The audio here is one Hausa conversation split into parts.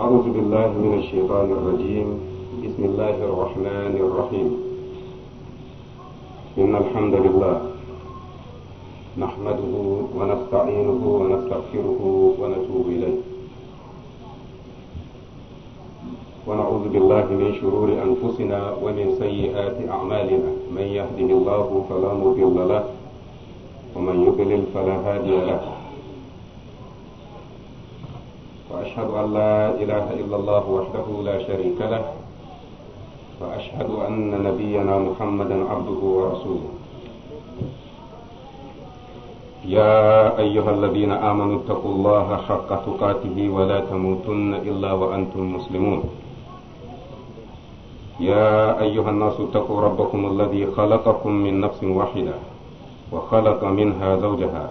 أعوذ بالله من الشيطان الرجيم بسم الله الرحمن الرحيم إن الحمد لله نحمده ونستعينه ونستغفره ونتوب إليه ونعوذ بالله من شرور أنفسنا ومن سيئات أعمالنا من يهده الله فلا مضل له ومن يضلل فلا هادي له وأشهد أن لا إله إلا الله وحده لا شريك له وأشهد أن نبينا محمدا عبده ورسوله يا أيها الذين آمنوا اتقوا الله حق تقاته ولا تموتن إلا وأنتم مسلمون يا أيها الناس اتقوا ربكم الذي خلقكم من نفس واحدة وخلق منها زوجها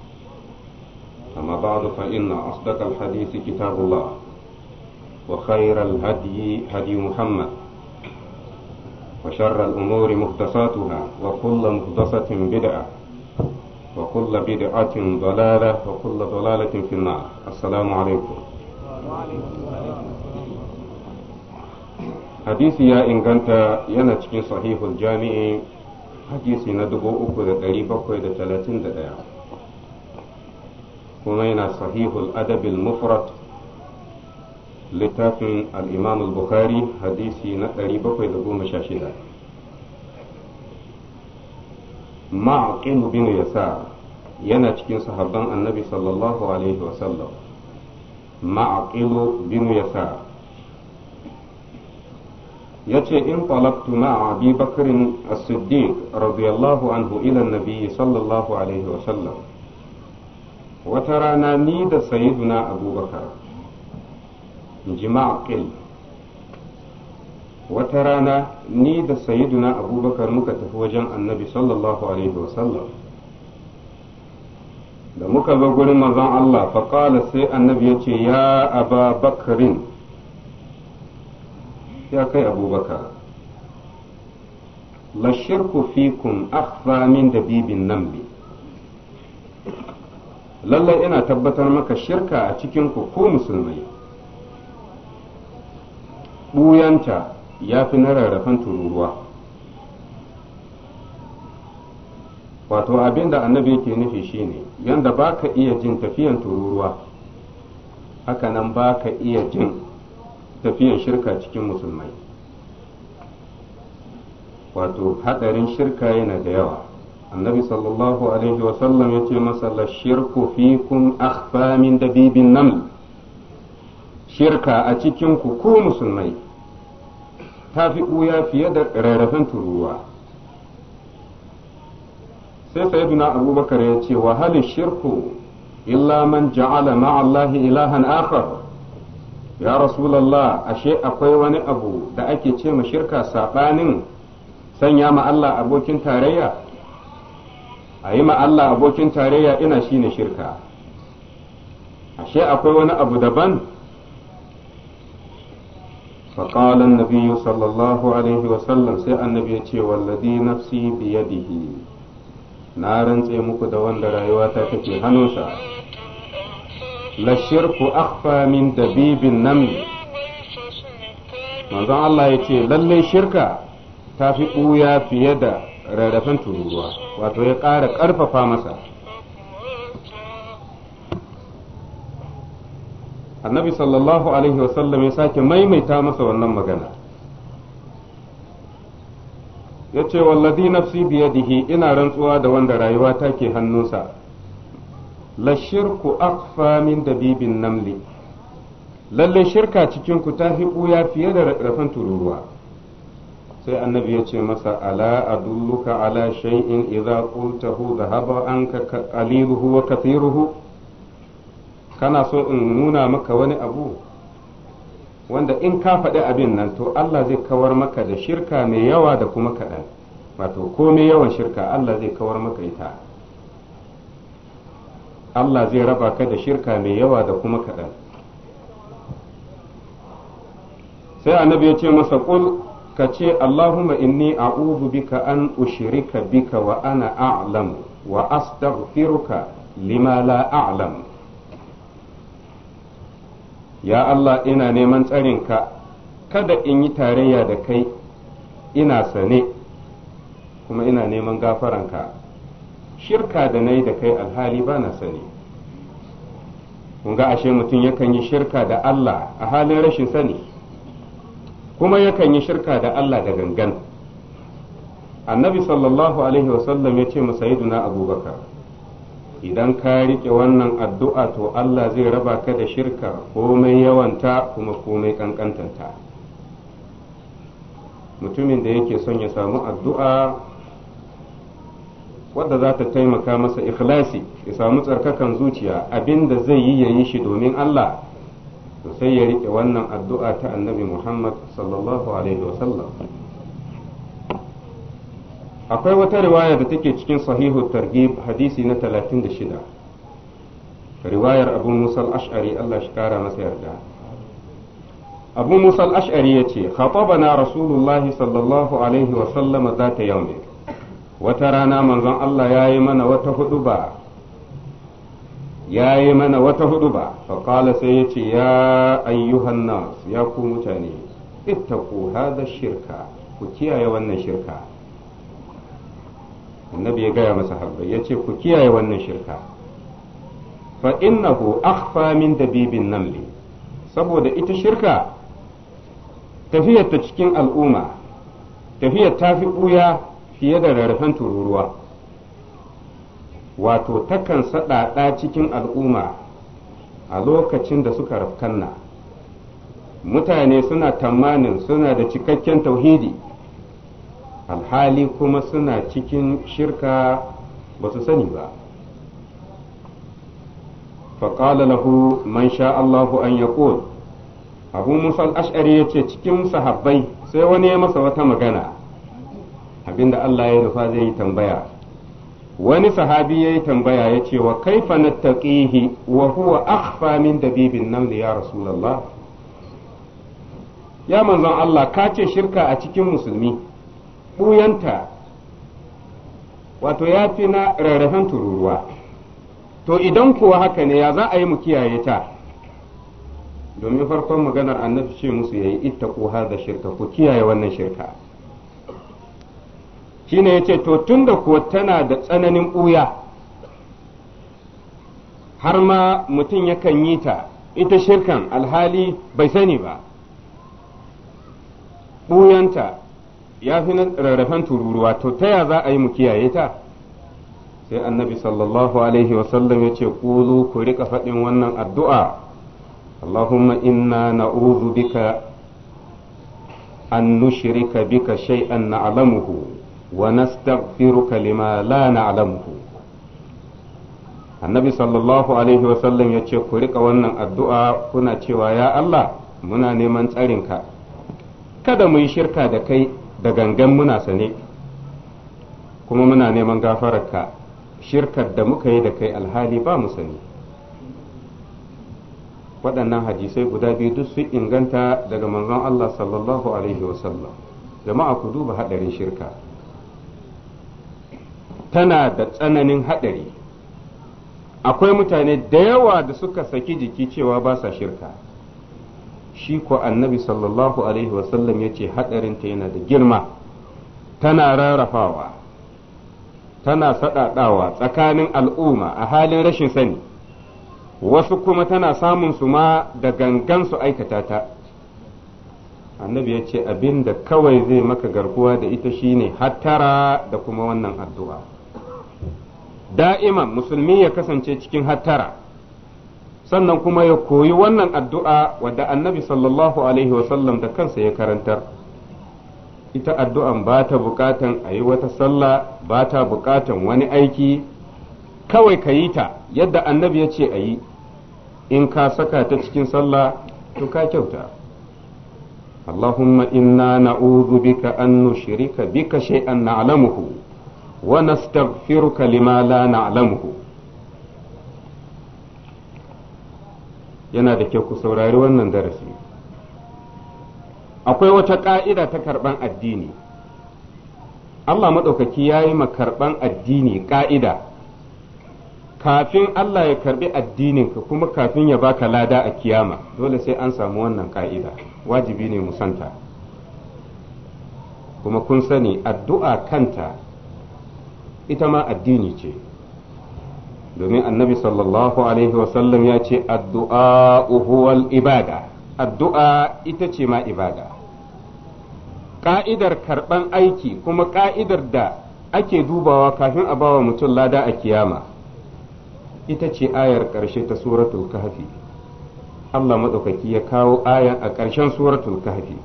أما بعد فإن أصدق الحديث كتاب الله وخير الهدي هدي محمد وشر الأمور مختصاتها وكل مختصة بدعة وكل بدعة ضلالة وكل ضلالة في النار السلام عليكم حديث يا إن كنت ينتج صحيح الجامع حديث ندبو أكو ذا قريبا كويدا ثلاثين دقيقة هنا صحيح الأدب المفرد لتافي الإمام البخاري حديثي نقري بقي دقوم شاشدا ما عقيم بن يسا ينتكين صحبا النبي صلى الله عليه وسلم ما عقيم بن يسا يتي انطلقت مع أبي بكر الصديق رضي الله عنه إلى النبي صلى الله عليه وسلم wata rana ni da sayiduna abubakar ji wata rana ni da sayiduna abubakar muka tafi wajen annabi sallallahu alaihi wasallam da muka zo gurin mazan Allah faƙala sai annabi ya ce ya aba bakarin ya kai abubakar la shirku fikun akhfa min dabibin nambi lallai ina tabbatar maka shirka a cikin ku ko musulmai Buyanta ya fi na rarrafan tururuwa wato abin da annabi yake nufi shine yanda ba ka iya jin tafiyan tururuwa haka nan ba ka iya jin tafiyan shirka cikin musulmai wato hadarin shirka yana da yawa annabi sallallahu alaihi wa sallam yace masa la shirku fikum akhfa min dabibin nan shirka a cikin ku ku musulmai ta fi ɓuya fiye da rarrafen turuwa sai sayyiduna abubakar ya ce wa halin shirku illa man ja'ala ma'allahi ilahan akhar ya rasulallah ashe akwai wani abu da ake ce ma shirka saɓanin sanya ma Allah abokin tarayya a yi ma Allah abokin tarayya ina shine shirka ashe akwai wani abu daban فقال النبي صلى الله عليه وسلم سي النبي يتي والذي نفسي بيده نارن تي muku da wanda rayuwa ta take hannunsa la shirku akhfa min dabibin naml manzon Allah yace lallai shirka ta fi ɓuya fiye da rarrafen tururuwa wato ya ƙara ƙarfafa masa annabi sallallahu alaihi wasallam ya sake maimaita masa wannan magana ya ce wallazi nafsi biyadihi ina rantsuwa da wanda rayuwa ta ke hannunsa la shirku akfa min dabibin namli Lallai shirka cikin ku ta fi ɓuya fiye da rafan tururuwa sai annabi ya ce masa ala adulluka ala shay'in idza qultahu dhahaba anka qaliluhu wa kathiruhu kana so in nuna maka wani abu wanda in ka faɗi abin nan to Allah zai kawar maka da shirka mai yawa da kuma kaɗan wato ko mai yawan shirka Allah zai kawar maka ita Allah zai raba ka da shirka mai yawa da kuma kaɗan sai annabi ya ce masa qul ka ce Allahumma inni a'udhu bika an ushirika bika wa ana a'lam wa astaghfiruka lima la a'lam ya Allah ina neman tsarinka kada in yi tarayya da kai ina sane kuma ina neman gafaranka shirka da na yi da kai alhali ba na sani kun ga ashe mutum yakan yi shirka da Allah a halin rashin sani kuma yakan yi shirka da Allah da gangan annabi sallallahu alaihi wasallam ya ce musayiduna abubakar idan ka riƙe wannan addu'a to Allah zai raba ka da shirka komai yawanta kuma komai kankantanta mutumin da yake son ya samu addu'a wadda za ta taimaka masa ikhlasi ya samu tsarkakan zuciya abinda zai yi ya yi shi domin Allah to sai ya riƙe wannan addu'a ta annabi Muhammad sallallahu alaihi wasallam akwai wata riwaya da take cikin sahihu targhib hadisi na 36 riwayar abu musa al-ash'ari Allah shi kara masa yarda abu musa al-ash'ari yace khatabana rasulullahi sallallahu alaihi wasallam zata yaumin wata rana manzon Allah ya yi mana wata hudu ba ya yi mana wata hudu ba faƙala sai ya ce ya ayyuhan nas ya ku mutane ittaku hada shirka ku kiyaye wannan shirka annabi ya gaya masa habbai ya ce ku kiyaye wannan shirka fa innahu akhfa min dabibin namli saboda ita shirka tafiyar ta cikin al'umma tafiyar ta fi ɓuya fiye da rarrafen tururuwa wato takan saɗaɗa cikin al'umma a lokacin da suka rafkanna mutane suna tamanin suna da cikakken tauhidi alhali kuma suna cikin shirka ba su sani ba faƙala lahu man sha Allahu an ya abu musa al'ashari ya ce cikin sahabbai sai wani ya masa wata magana abinda Allah ya rufa zai yi tambaya wani sahabi yayi tambaya ya ce wa kaifa nattaqihi wa huwa akhfa min dabibin naml ya rasulullah ya manzon Allah ka ce shirka a cikin musulmi ɓuyanta wato ya fi na rarrafen tururuwa to idan kuwa haka ne ya za a yi mu kiyaye ta domin farkon maganar annabi ce musu yayi ittaqu hadha shirka ku kiyaye wannan shirka shine yace to tun da ko tana da tsananin ɓuya har ma mutum yakan yi ta ita shirkan alhali bai sani ba ɓuyanta ya fi na rarrafen tururuwa to ta ya za a yi mu kiyaye ta sai annabi sallallahu alaihi wasallam ya ce ƙuzu ku riƙa faɗin wannan addu'a allahumma inna na'uzu bika an nushirika bika shay'an na'lamuhu ونستغفرك لما لا نعلمه annabi sallallahu alaihi wasallam ya ce ku rika wannan addu'a kuna cewa ya Allah muna neman ka. kada mu yi shirka da kai da gangan muna sane kuma muna neman gafararka shirkar da muka yi da kai alhali ba mu sani waɗannan hadisai guda biyu duk sun inganta daga manzon Allah sallallahu alaihi wasallam jama'a ku duba haɗarin shirka tana da tsananin haɗari akwai mutane da yawa da suka saki jiki cewa ba sa shirka shi ko annabi sallallahu alaihi wasallam ya ce haɗarinta yana da girma tana rarrafawa tana saɗaɗawa tsakanin al'umma a halin rashin sani wasu kuma tana samun su ma da gangansu aikata ta annabi ya ce abin da kawai zai maka garkuwa da ita shine hattara da kuma wannan addu'a da'iman musulmi ya kasance cikin hattara sannan kuma ya koyi wannan addu'a wadda annabi sallallahu alaihi wasallam da kansa ya karantar ita addu'an ba ta bukatan a yi wata sallah ba ta bukatan wani aiki kawai ka yi ta yadda annabi ya ce a yi in ka saka ta cikin sallah to ka kyauta اللهم إنا نعوذ بك أن نشرك بك شيئا نعلمه ونستغفرك لما لا نعلمه yana da kyau ku saurari wannan darasi akwai wata ƙa'ida ta karɓan addini Allah maɗaukaki ya yi karɓan addini ƙa'ida kafin Allah ya karɓi addininka kuma kafin ya baka lada a kiyama dole sai an samu wannan ƙa'ida wajibi ne musanta kuma kun sani addu'a kanta ita ma addini ce domin annabi sallallahu alaihi wasallam ya ce addu'a huwal ibada addu'a ita ce ma ibada ka'idar karɓan aiki kuma ka'idar da ake dubawa kafin a bawa mutum lada a kiyama ita ce ayar ƙarshe ta suratul kahfi Allah maɗaukaki ya kawo ayar a ƙarshen suratul kahfi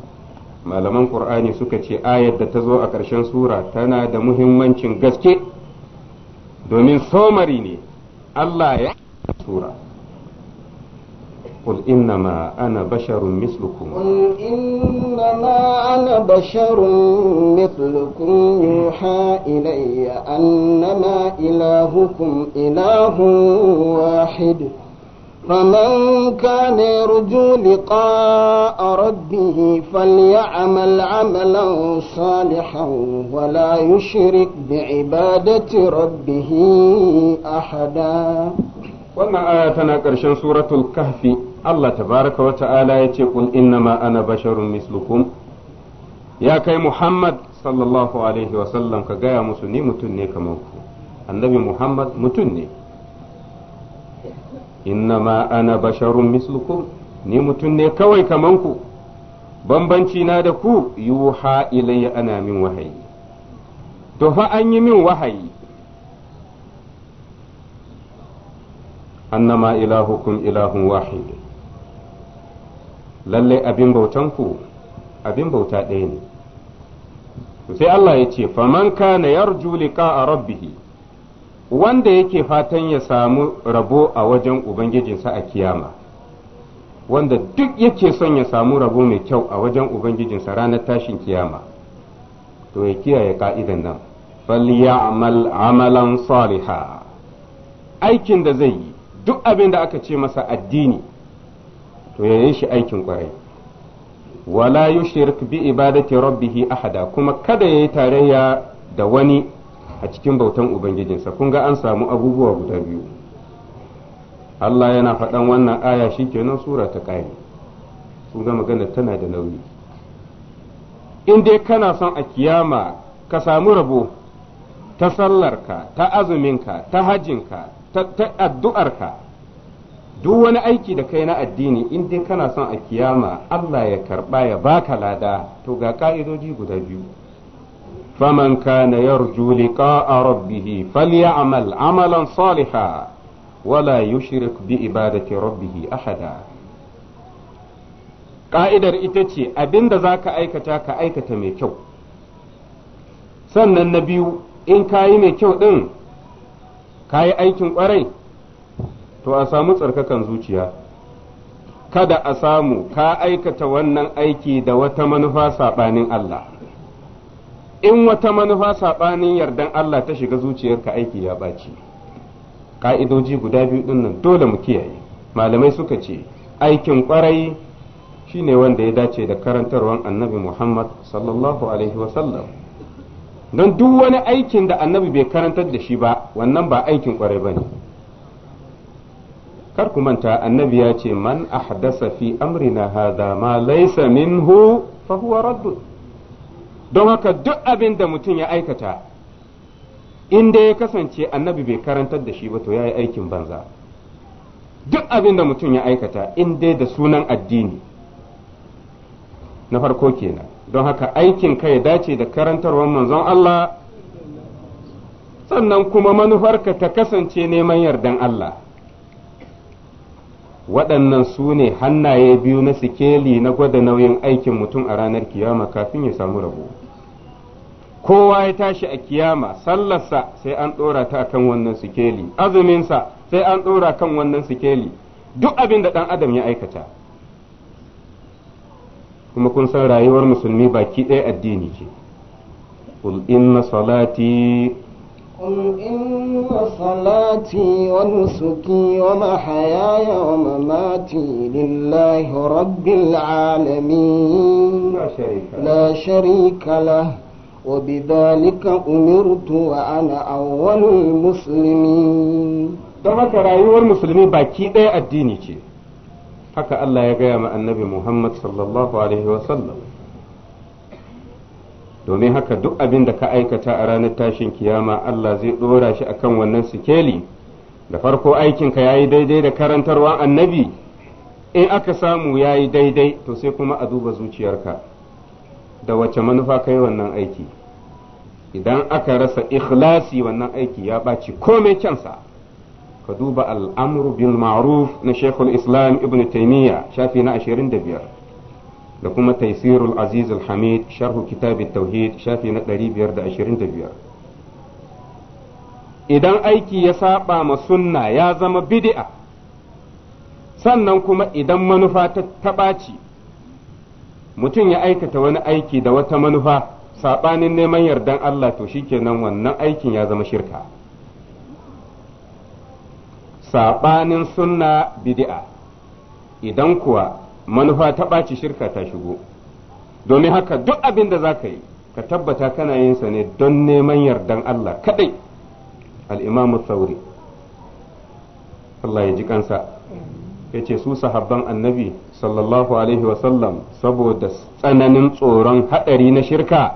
malaman ƙur'ani suka ce ayar da ta zo a ƙarshen sura tana da muhimmancin gaske domin somari ne Allah ya sura قل إنما أنا بشر مثلكم قل إنما أنا بشر مثلكم يوحى إلي أنما إلهكم إله واحد فمن كان يرجو لقاء ربه فليعمل عملا صالحا ولا يشرك بعبادة ربه أحدا وما آياتنا كرشان سورة الكهف الله تبارك وتعالى يقول إنما أنا بشر مثلكم يا كي محمد صلى الله عليه وسلم كجاء مسني متني كموكو النبي محمد متني ma ana basharun misliku ni mutum ne kawai kaman ku bambanci na da ku yuha ilayya ana min wahayi to fa an yi min wahayi annama ilahukum ilahun wahid lalle abin bautan ku abin bauta ɗaya ne sai Allah ya ce fa faman kana yarju liqa rabbih wanda yake fatan ya samu rabo a wajen ubangijinsa a kiyama wanda duk yake son ya samu rabo mai kyau a wajen ubangijinsa ranar tashin kiyama to ya kiyaye ka'idan nan amal amalan saliha aikin da zai yi duk abin da aka ce masa addini to ya yi shi aikin kwarai wala yushrik bi ibadati rabbihi ahada kuma kada yayi tarayya da wani a cikin bautan ubangijinsa kun ga an samu abubuwa guda biyu Allah yana faɗan wannan aya shi sura ta ƙare sun ga magana tana da nauyi in dai kana son a kiyama ka samu rabo ta sallarka ta azuminka ta hajinka ta addu'arka duk wani aiki da kai na addini in dai kana son a kiyama Allah ya karɓa ya baka lada to ga ƙa'idoji guda biyu فمن كان يرجو لقاء ربه فليعمل عملا صالحا ولا يشرك بعبادة ربه أحدا ƙa'idar ita ce abin da za ka aikata ka aikata mai kyau sannan na biyu in ka yi mai kyau ɗin ka yi aikin ƙwarai to a samu tsarkakan zuciya kada a samu ka aikata wannan aiki da wata manufa saɓanin Allah in wata manufa saɓanin yardan Allah ta shiga zuciyarka aiki ya ɓaci ƙa'idoji guda biyu ɗin nan dole mu kiyaye malamai suka ce aikin ƙwarai shine wanda ya dace da karantarwan annabi Muhammad sallallahu alaihi wasallam don duk wani aikin da annabi bai karantar da shi ba wannan ba aikin ƙwarai ba ne kar ku manta annabi ya ce man ahdasa fi amrina hadha ma laysa minhu fa huwa don haka duk abin da mutum ya aikata in ya kasance annabi bai karantar da shi ba to ya yi aikin banza duk abin da mutum ya aikata inda da sunan addini na farko kenan don haka aikin ka ya dace da karantarwar manzon Allah sannan kuma manufarka ta kasance neman yardan Allah waɗannan su ne hannaye biyu na sikeli na gwada nauyin aikin mutum a ranar kiyama kafin ya samu rabo kowa ya tashi a kiyama sallarsa sai an ɗora ta kan wannan sikeli azuminsa sai an ɗora kan wannan sikeli duk abin da ɗan adam ya aikata kuma kun san rayuwar musulmi baki ɗaya addini ce قل إن صلاتي ونسكي lillahi ومماتي لله رب العالمين لا شريك, لا شريك له وبذلك أمرت وأنا أول المسلمين don haka rayuwar musulmi baki ɗaya addini ce haka Allah ya gaya ma annabi Muhammad sallallahu alaihi wasallam domin haka duk abin da ka aikata a ranar tashin kiyama Allah zai ɗora shi akan wannan sikeli da farko aikinka ya yi daidai da karantarwa annabi in aka samu yayi daidai to sai kuma a duba zuciyarka da wace manufa kai wannan aiki idan aka rasa ikhlasi wannan aiki ya ɓaci komai kyansa ka duba al'amru bil ma'ruf na shekul islam ibn taimiyya shafi na 25 da kuma taisirul aziz hamid sharhu kitab tauhid shafi na 525 idan aiki ya saba ma sunna ya zama bid'a sannan kuma idan manufa ta taɓaci mutum ya aikata wani aiki da wata manufa saɓanin neman yardan Allah to shikenan wannan aikin ya zama shirka saɓanin sunna bid'a idan kuwa manufa ta ɓaci shirka ta shigo domin haka duk abin da za ka yi ka tabbata kana yin sa ne don neman yardan Allah kaɗai al’imamu sauri Allah ya ji kansa ya ce su sahabban annabi sallallahu alaihi wasallam saboda tsananin tsoron haɗari na shirka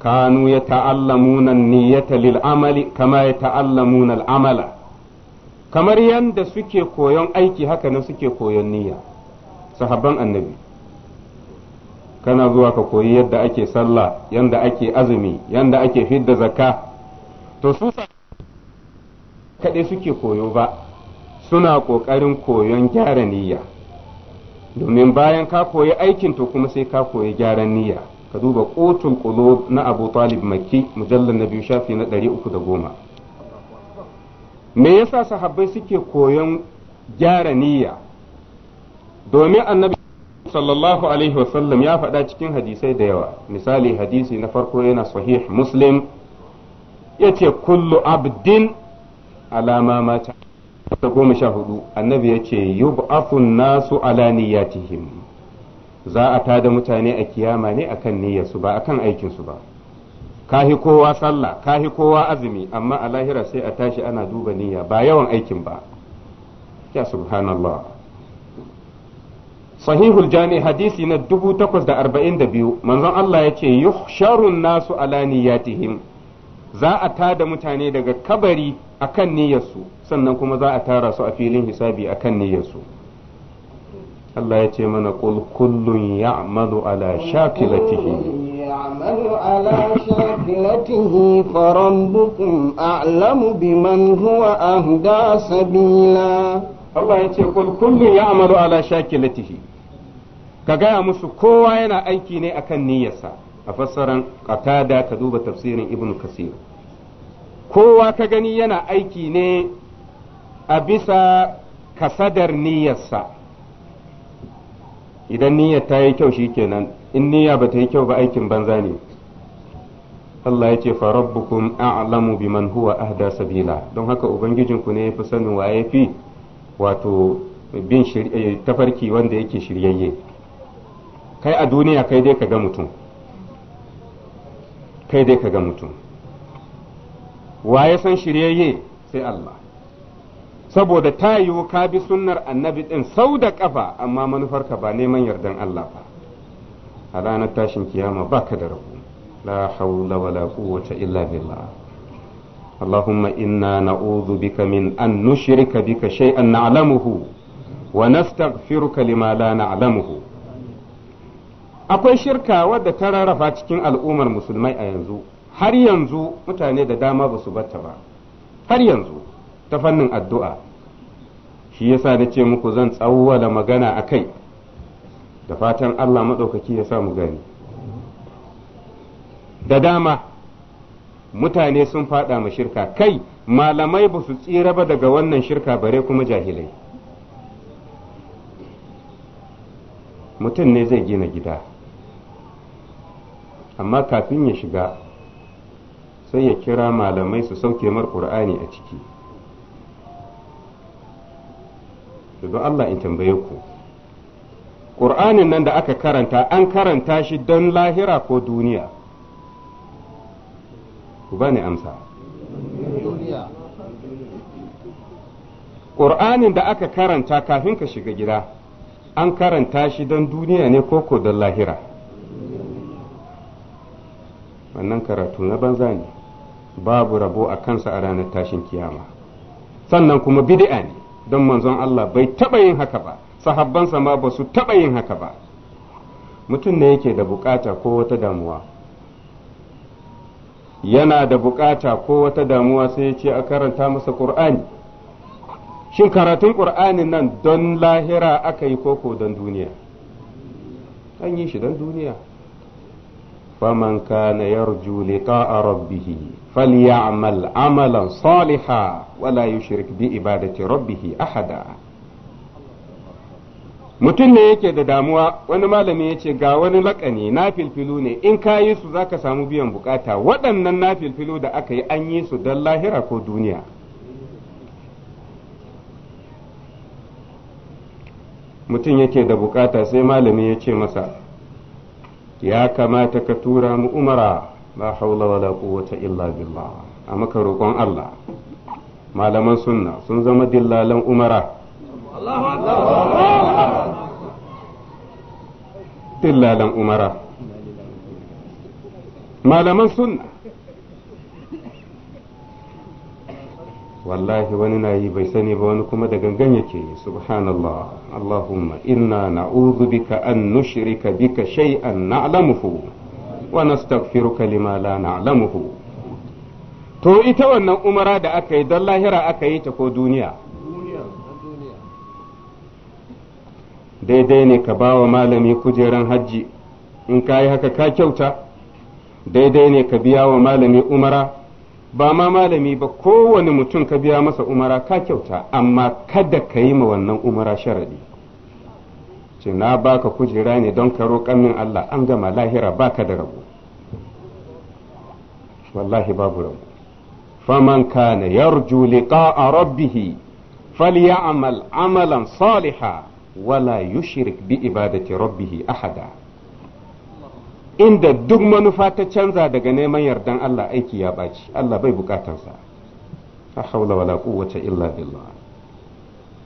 kanu ya ta'allamuna niyyata lil’amali kama ya ta'allamuna al'amala kamar yadda suke koyon aiki haka na suke koyon niyya sahabban annabi kana zuwa ka koyi yadda ake sallah yadda ake azumi yadda ake fidda zakka to su kaɗai suke koyo ba suna ƙoƙarin koyon gyara niyya domin bayan ka koyi aikin to kuma sai ka koyi gyaran niyya ka duba ƙotun ƙulo na abu talib makki mujallar na biyu shafi na ɗari uku da goma me yasa sahabbai suke koyon gyara niyya domin annabi sallallahu alaihi wasallam ya faɗa cikin hadisai da yawa misali hadisi na farko yana sahih muslim ya ce kullu abdin alama mata ta goma sha hudu annabi ya ce yub'athun nasu ala niyyatihim za a tada mutane a kiyama ne akan niyyarsu ba akan aikinsu ba kahi kowa sallah kahi kowa azumi amma a lahira sai a tashi ana duba niyya ba yawan aikin ba ya subhanallah sahihul hadisi na arba'in 842 manzon Allah ya ce sharun nasu ala niyatihim za a tada mutane daga kabari akan niyyarsu sannan kuma za a tara su a filin hisabi akan niyyarsu Allah ya ce mana qul kullun ala shakilatihi يعمل على شاكلته فربكم أعلم بمن هو ka gaya musu kowa yana aiki ne akan niyyarsa a fassaran qatada ka duba tafsirin ibn kasir kowa ka gani yana aiki ne a bisa kasadar niyyarsa idan niyyar ta yi kyau shi shikenan in niyya ba ta yi kyau ba aikin banza ne Allah ya ce fa a'lamu biman huwa ahda sabila don haka ubangijinku ne fi sanin waye fi wato bin tafarki wanda yake shiryayye kai a duniya kai dai ka ga mutum kai dai ka ga mutum waye san shiryayye sai Allah saboda ta yiwu ka bi sunnar annabi ɗin sau da kafa amma manufarka ba neman yardan Allah ba a ranar tashin kiyama baka da rabu la hawla la quwwata illa billah اللهم إنا نعوذ بك من أن نشرك بك شيئا نعلمه ونستغفرك لما لا نعلمه akwai shirka wadda ta rarrafa cikin al'ummar musulmai a yanzu har yanzu mutane da dama ba su batta ba har yanzu ta fannin addu'a shi yasa na ce muku zan tsawwala magana a kai da fatan Allah maɗaukaki ya mu gani da dama mutane sun faɗa ma shirka kai malamai ba su tsira ba daga wannan shirka bare kuma jahilai mutum ne zai gina gida amma kafin ya shiga sai ya kira malamai su sauke mar ƙur'ani a ciki don Allah in tambaye ku ƙur'anin nan da aka karanta an karanta shi don lahira ko duniya ku bani amsa ƙur'anin da aka karanta kafin ka shiga gida an karanta shi don duniya ne ko ko don lahira wannan karatu na banza ne babu rabo a kansa a ranar tashin kiyama sannan kuma bid'a ne don manzon Allah bai taɓa yin haka ba sahabbansa ma ba su taɓa yin haka ba mutum ne yake da bukata ko wata damuwa yana da bukata ko wata damuwa sai ya ce a karanta masa ƙur'ani shin karatun ƙur'ani nan don lahira aka yi koko don duniya an yi shi don duniya فمن كان يرجو لقاء ربه فليعمل عملا صالحا ولا يشرك بعبادة ربه أحدا mutum ne yake da damuwa wani malami ya ce ga wani lakani na filfilu ne in ka yi su za ka samu biyan bukata waɗannan na filfilu da aka yi an yi su don lahira ko duniya mutum yake da bukata sai malami ya ce masa ya kamata ka tura mu umara la haula wala quwwata illa billah a maka roƙon Allah malaman sunna sun zama dillalan umara dillalan umara malaman sunna wallahi wani na yi bai sani ba wani kuma da gangan yake subhanallah allahumma inna na'udhu bika an nushrika bika shay'an na'lamuhu wa nastaghfiruka lima la na'lamuhu to ita wannan umara da aka yi don lahira aka yi ta ko duniya daidai ne ka bawa malami kujeran hajji in ka yi haka ka kyauta daidai ne ka biya wa malami umara ba ma malami ba kowane mutum ka biya masa umara ka kyauta amma kada ka yi ma wannan umara sharadi ce na baka kujera ne don ka roƙan min Allah an gama lahira baka da rabu wallahi babu rabu faman kana yarju liqa'a rabbih falyamal amalan salihan wala yushrik bi ibadati rabbih ahada inda duk manufa ta canza daga neman yardan Allah aiki ya ɓaci Allah bai bukatansa a haula wala quwwata illa billah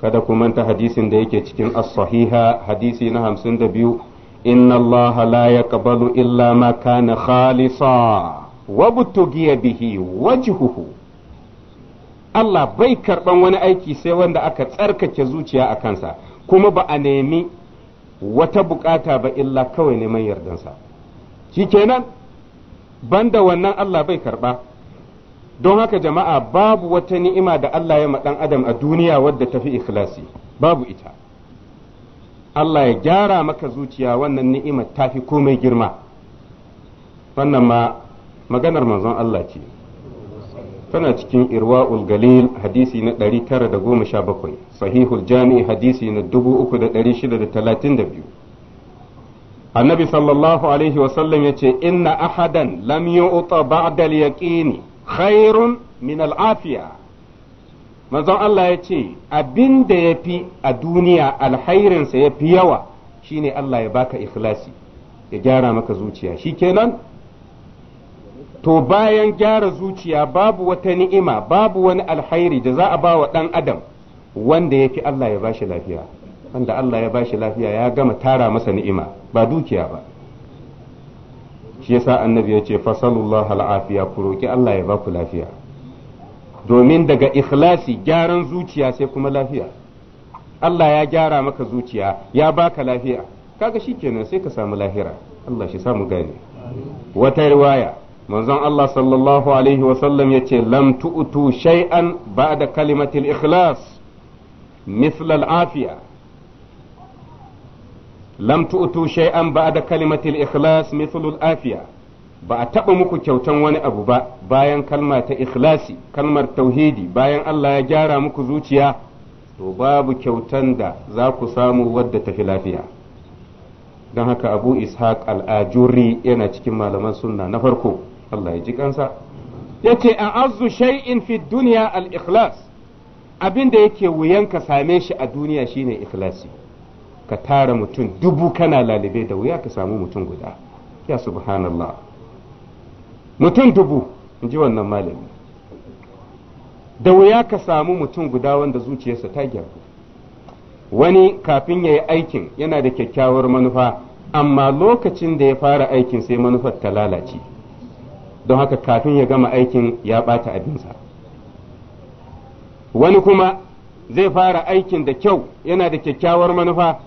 kada ku manta hadisin da yake cikin as-sahiha hadisi na 52 inna Allah la yaqbalu illa ma kana khalisa wa butugiya bihi wajhuhu Allah bai karban wani aiki sai wanda aka tsarkake zuciya a kansa kuma ba a nemi wata bukata ba illa kawai neman yardansa shi kenan banda wannan Allah bai karɓa don haka jama'a babu wata ni'ima da Allah ya maɗan adam a duniya wadda tafi ikhlasi babu ita Allah ya gyara maka zuciya wannan ni'ima tafi komai girma wannan ma maganar manzon Allah ce tana cikin irwa'ul galil hadisi na 917 sahihul jami'i hadisi na 3632 annabi sallallahu alaihi wasallam ya ce inna ahadan lam yu'ta ba'da al-yaqini khairun min al-afiya manzon Allah ya ce abin ya fi a duniya alhairinsa ya fi yawa shine Allah ya baka ikhlasi ya gyara maka zuciya shi shikenan to bayan gyara zuciya babu wata ni'ima babu wani alhairi da za a ba wa ɗan adam wanda ya fi Allah ya bashi lafiya wanda Allah ya bashi lafiya ya gama tara masa ni'ima ba dukiya ba shi yasa annabi ya ce fasalullah al'afiya ku roki Allah ya ba ku lafiya domin daga ikhlasi gyaran zuciya sai kuma lafiya Allah ya gyara maka zuciya ya baka lafiya kaga shikenan sai ka samu lahira Allah shi samu gane wata riwaya manzon Allah sallallahu alaihi wa sallam yace lam tu'tu shay'an ba'da kalimatil ikhlas misla al'afiya lam tu'tu shay'an ba'da kalimatil ikhlas mithlul afiya ba a taɓa muku kyautan wani abu ba bayan kalma ta ikhlasi kalmar tauhidi bayan Allah ya gyara muku zuciya to babu kyautan da za ku samu wadda tafi lafiya don haka abu ishaq al'ajuri yana cikin malaman sunna na farko Allah a azu shay'in fi duniya al-ikhlas abin da yake wuyan ka same shi a duniya shine ikhlasi ka tara mutum dubu kana lalibai da wuya ka samu mutum guda ya subhanallah mutum dubu in ji wannan malami da wuya ka samu mutum guda wanda zuciyarsa ta gyaru wani kafin ya yi aikin yana da kyakkyawar manufa amma lokacin da ya fara aikin sai manufar ta lalace don haka kafin ya gama aikin ya ɓata abinsa wani kuma zai fara aikin da kyau yana da kyakkyawar manufa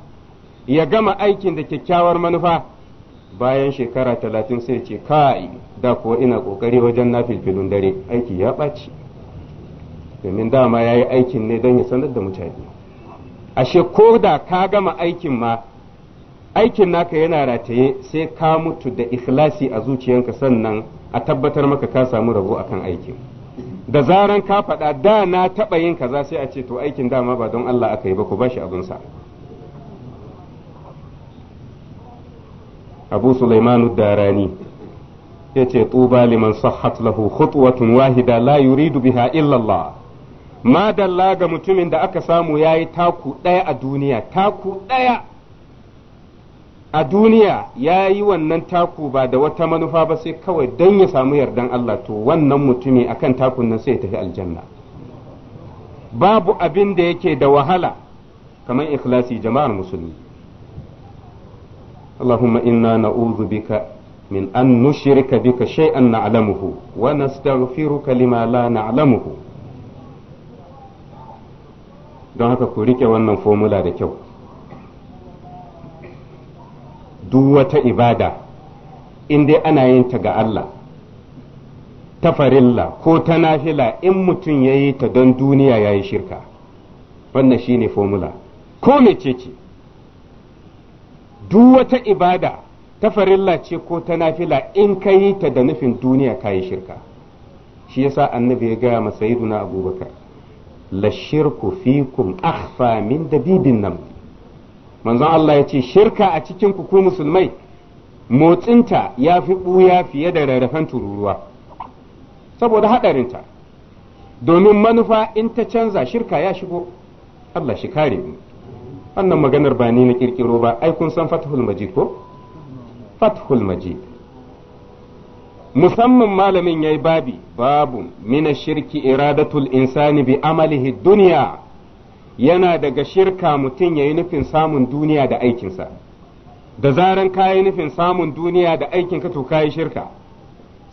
ya gama aikin da kyakkyawar manufa bayan shekara talatin sai ce kai da kuwa ina kokari wajen na filfilun dare aiki ya ɓaci domin dama ya yi aikin ne don ya sanar da mutane ashe ko da ka gama aikin ma aikin naka yana rataye sai ka mutu da ikhlasi a zuciyanka sannan a tabbatar maka ka samu rabo akan aikin da zaran ka faɗa da na taɓa yin kaza sai a ce to aikin dama ba don Allah aka yi ba ku ba shi abin sa abu sulaimanu darani ya ce tuba liman sahhat lahu khutwatun wahida la yuridu biha illallah. Allah ma dalla ga mutumin da aka samu yayi taku ɗaya a duniya taku ɗaya a duniya ya yi wannan taku ba da wata manufa ba sai kawai don ya samu yardan Allah to wannan mutumi akan takun nan sai ya tafi aljanna babu abin da yake da wahala kamar ikhlasi jama'ar musulmi اللهم إنا نعوذ بك من أن نشرك بك شيئا نعلمه ونستغفرك لما لا نعلمه don haka ku rike wannan fomula da kyau duk wata ibada in dai ana yin ta ga Allah ta farilla ko ta nafila in mutum ya yi ta don duniya ya yi shirka wannan shine fomula ko mece ce duk wata ibada ta farilla ce ko ta nafila in ka yi ta da nufin duniya ka yi shirka shi yasa annabi ya gaya ma sayyiduna abubakar la shirku fikum akhfa min dabibin nam manzon Allah ya ce shirka a cikin ku ku musulmai motsinta ya fi buya fiye da rarrafen tururuwa saboda hadarinta domin manufa in ta canza shirka ya shigo Allah shi kare mu wannan maganar ba ni na kirkiro ba ai kun san fathul majid ko fathul majid musamman malamin yayi babi babu mina shirki iradatul insani bi amalihi duniya yana daga shirka mutum yayi nufin samun duniya da aikinsa da zaran kayi nufin samun duniya da aikinka to kayi shirka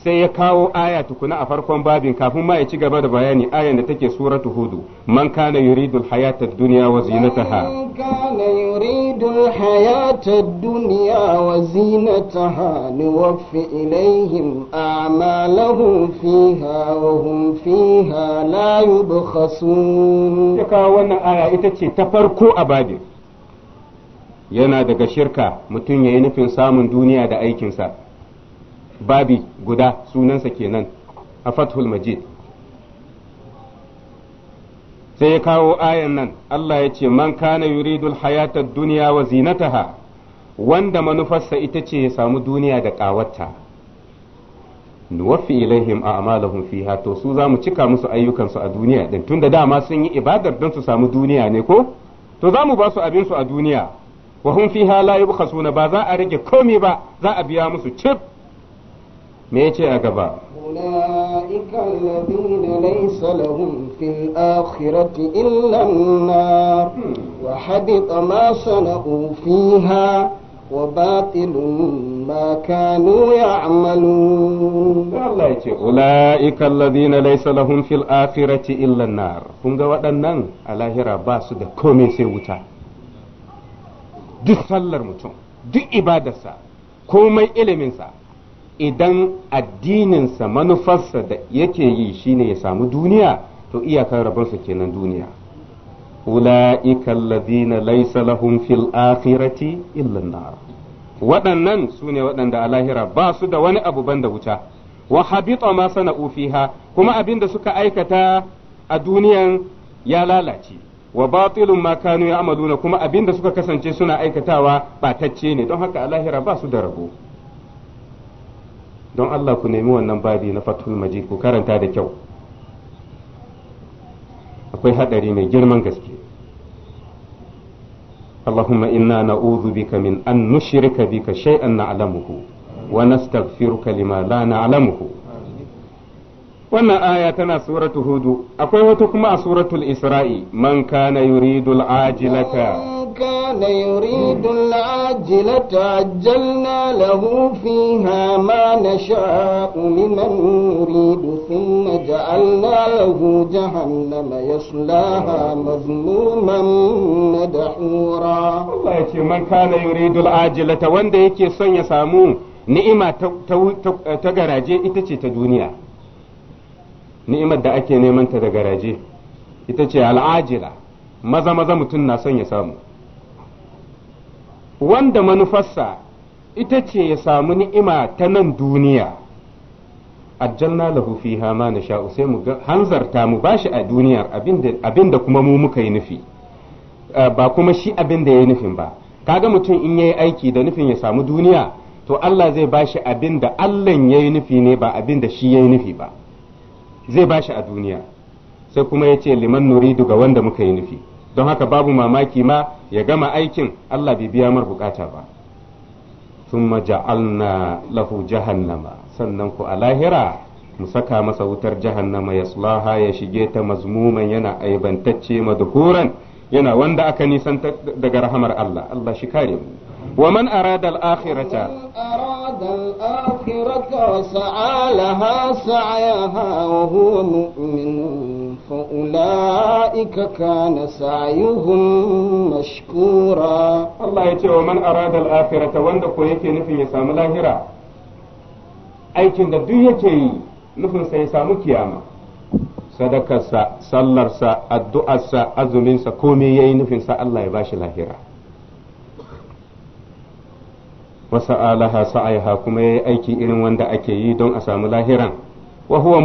sai ya kawo aya tukuna a farkon babin kafin ma ya ci gaba da bayani ayan da take suratu hudu man kana yuridul hayatad dunya wa zinataha man kana yuridul hayatad dunya wa zinataha nuwaffi ilaihim a'malahum fiha wa hum fiha la yubkhasun ya kawo wannan aya ita ce ta farko a babin yana daga shirka mutum ya nufin samun duniya da aikinsa babi guda sunansa kenan a fathul majid sai ya kawo ayan nan Allah ya ce man kana yuridul hayatad duniya wa zinataha wanda manufarsa ita ce ya samu duniya da ƙawarta nuwaffi ilaihim a'malahum fiha to su za mu cika musu ayyukansu a duniya din tunda dama sun yi ibadar don su samu duniya ne ko to za mu ba su abin su a duniya wa hum fiha la yubkhasuna ba za a rage komai ba za a biya musu cip me yace a gaba Allah ya ce, Ula’ikan ladina laisa lahun fil akhirati illa nar kun ga waɗannan a lahira ba su da kome sai wuta. Duk sallar mutum, duk ibadarsa, komai iliminsa, idan addininsa manufarsa da yake yi shine ya samu duniya to iyakar rabonsa kenan duniya ula'ika alladhina laysa lahum fil akhirati illa nar waɗannan su ne waɗanda a lahira ba su da wani abu banda wuta wa habita ma sana'u fiha kuma abin da suka aikata a duniyan ya lalace wa batilun ma kanu ya'maluna kuma abin da suka kasance suna aikatawa batacce ne don haka a lahira ba su da rabo don Allah ku nemi wannan babi na Fathulmaji majid ku karanta da kyau akwai haɗari mai girman gaske اللهم إنا نعوذ min من أن نشرك بك شيئا نعلمه ونستغفرك lima لا نعلمه wannan aya tana suratu hudu akwai wata kuma a suratul isra'i man kana yuridul ajilata كان يريد العاجلة عجلنا له فيها ما نشاء لمن نريد ثم جعلنا له جهنم يصلاها مظلوما مدحورا الله يكي من كان يريد العاجلة وان ده يكي سن يسامو نئمة تغراجي itace تدونيا duniya ni'imar da ake neman ta da maza maza mutum na son ya samu wanda manufarsa ita ce ya samu ni'ima ta nan duniya ajanna lahu fiha ma nasha sai mu hanzarta mu bashi a duniyar abinda kuma mu muka yi nufi eh, ba kuma shi abinda ya yi nufin ba kaga mutum in yayi aiki da nufin ya samu duniya to Allah zai bashi abinda Allah ya yi nufi ne ba abinda shi ya yi nufi ba zai bashi a duniya sai kuma ya ce liman nuridu ga wanda muka yi nufi don haka babu mamaki ma ya gama aikin Allah bai biya mar bukata ba thumma ja'alna lahu jahannama sannan ku a lahira mu saka masa wutar jahannama ya slaha ya shige ta mazmuman yana aibantacce madhuran yana wanda aka nisanta daga rahamar Allah Allah shi kare mu ومن أراد الآخرة أراد الآخرة وسعى لها سعيها وهو مؤمن فأولئك كان سعيهم مشكورا الله يتي ومن أراد الآخرة وند كويك نفي يسام الآخرة أي كند يكي نفن سيسام كياما صدقة صلرسا الدعاء أزمنسا كومي يأي نفن سا الله يباش الآخرة wasa'alaha sa'aiha kuma ya yi aiki irin wanda ake yi don a samu lahiran wa huwa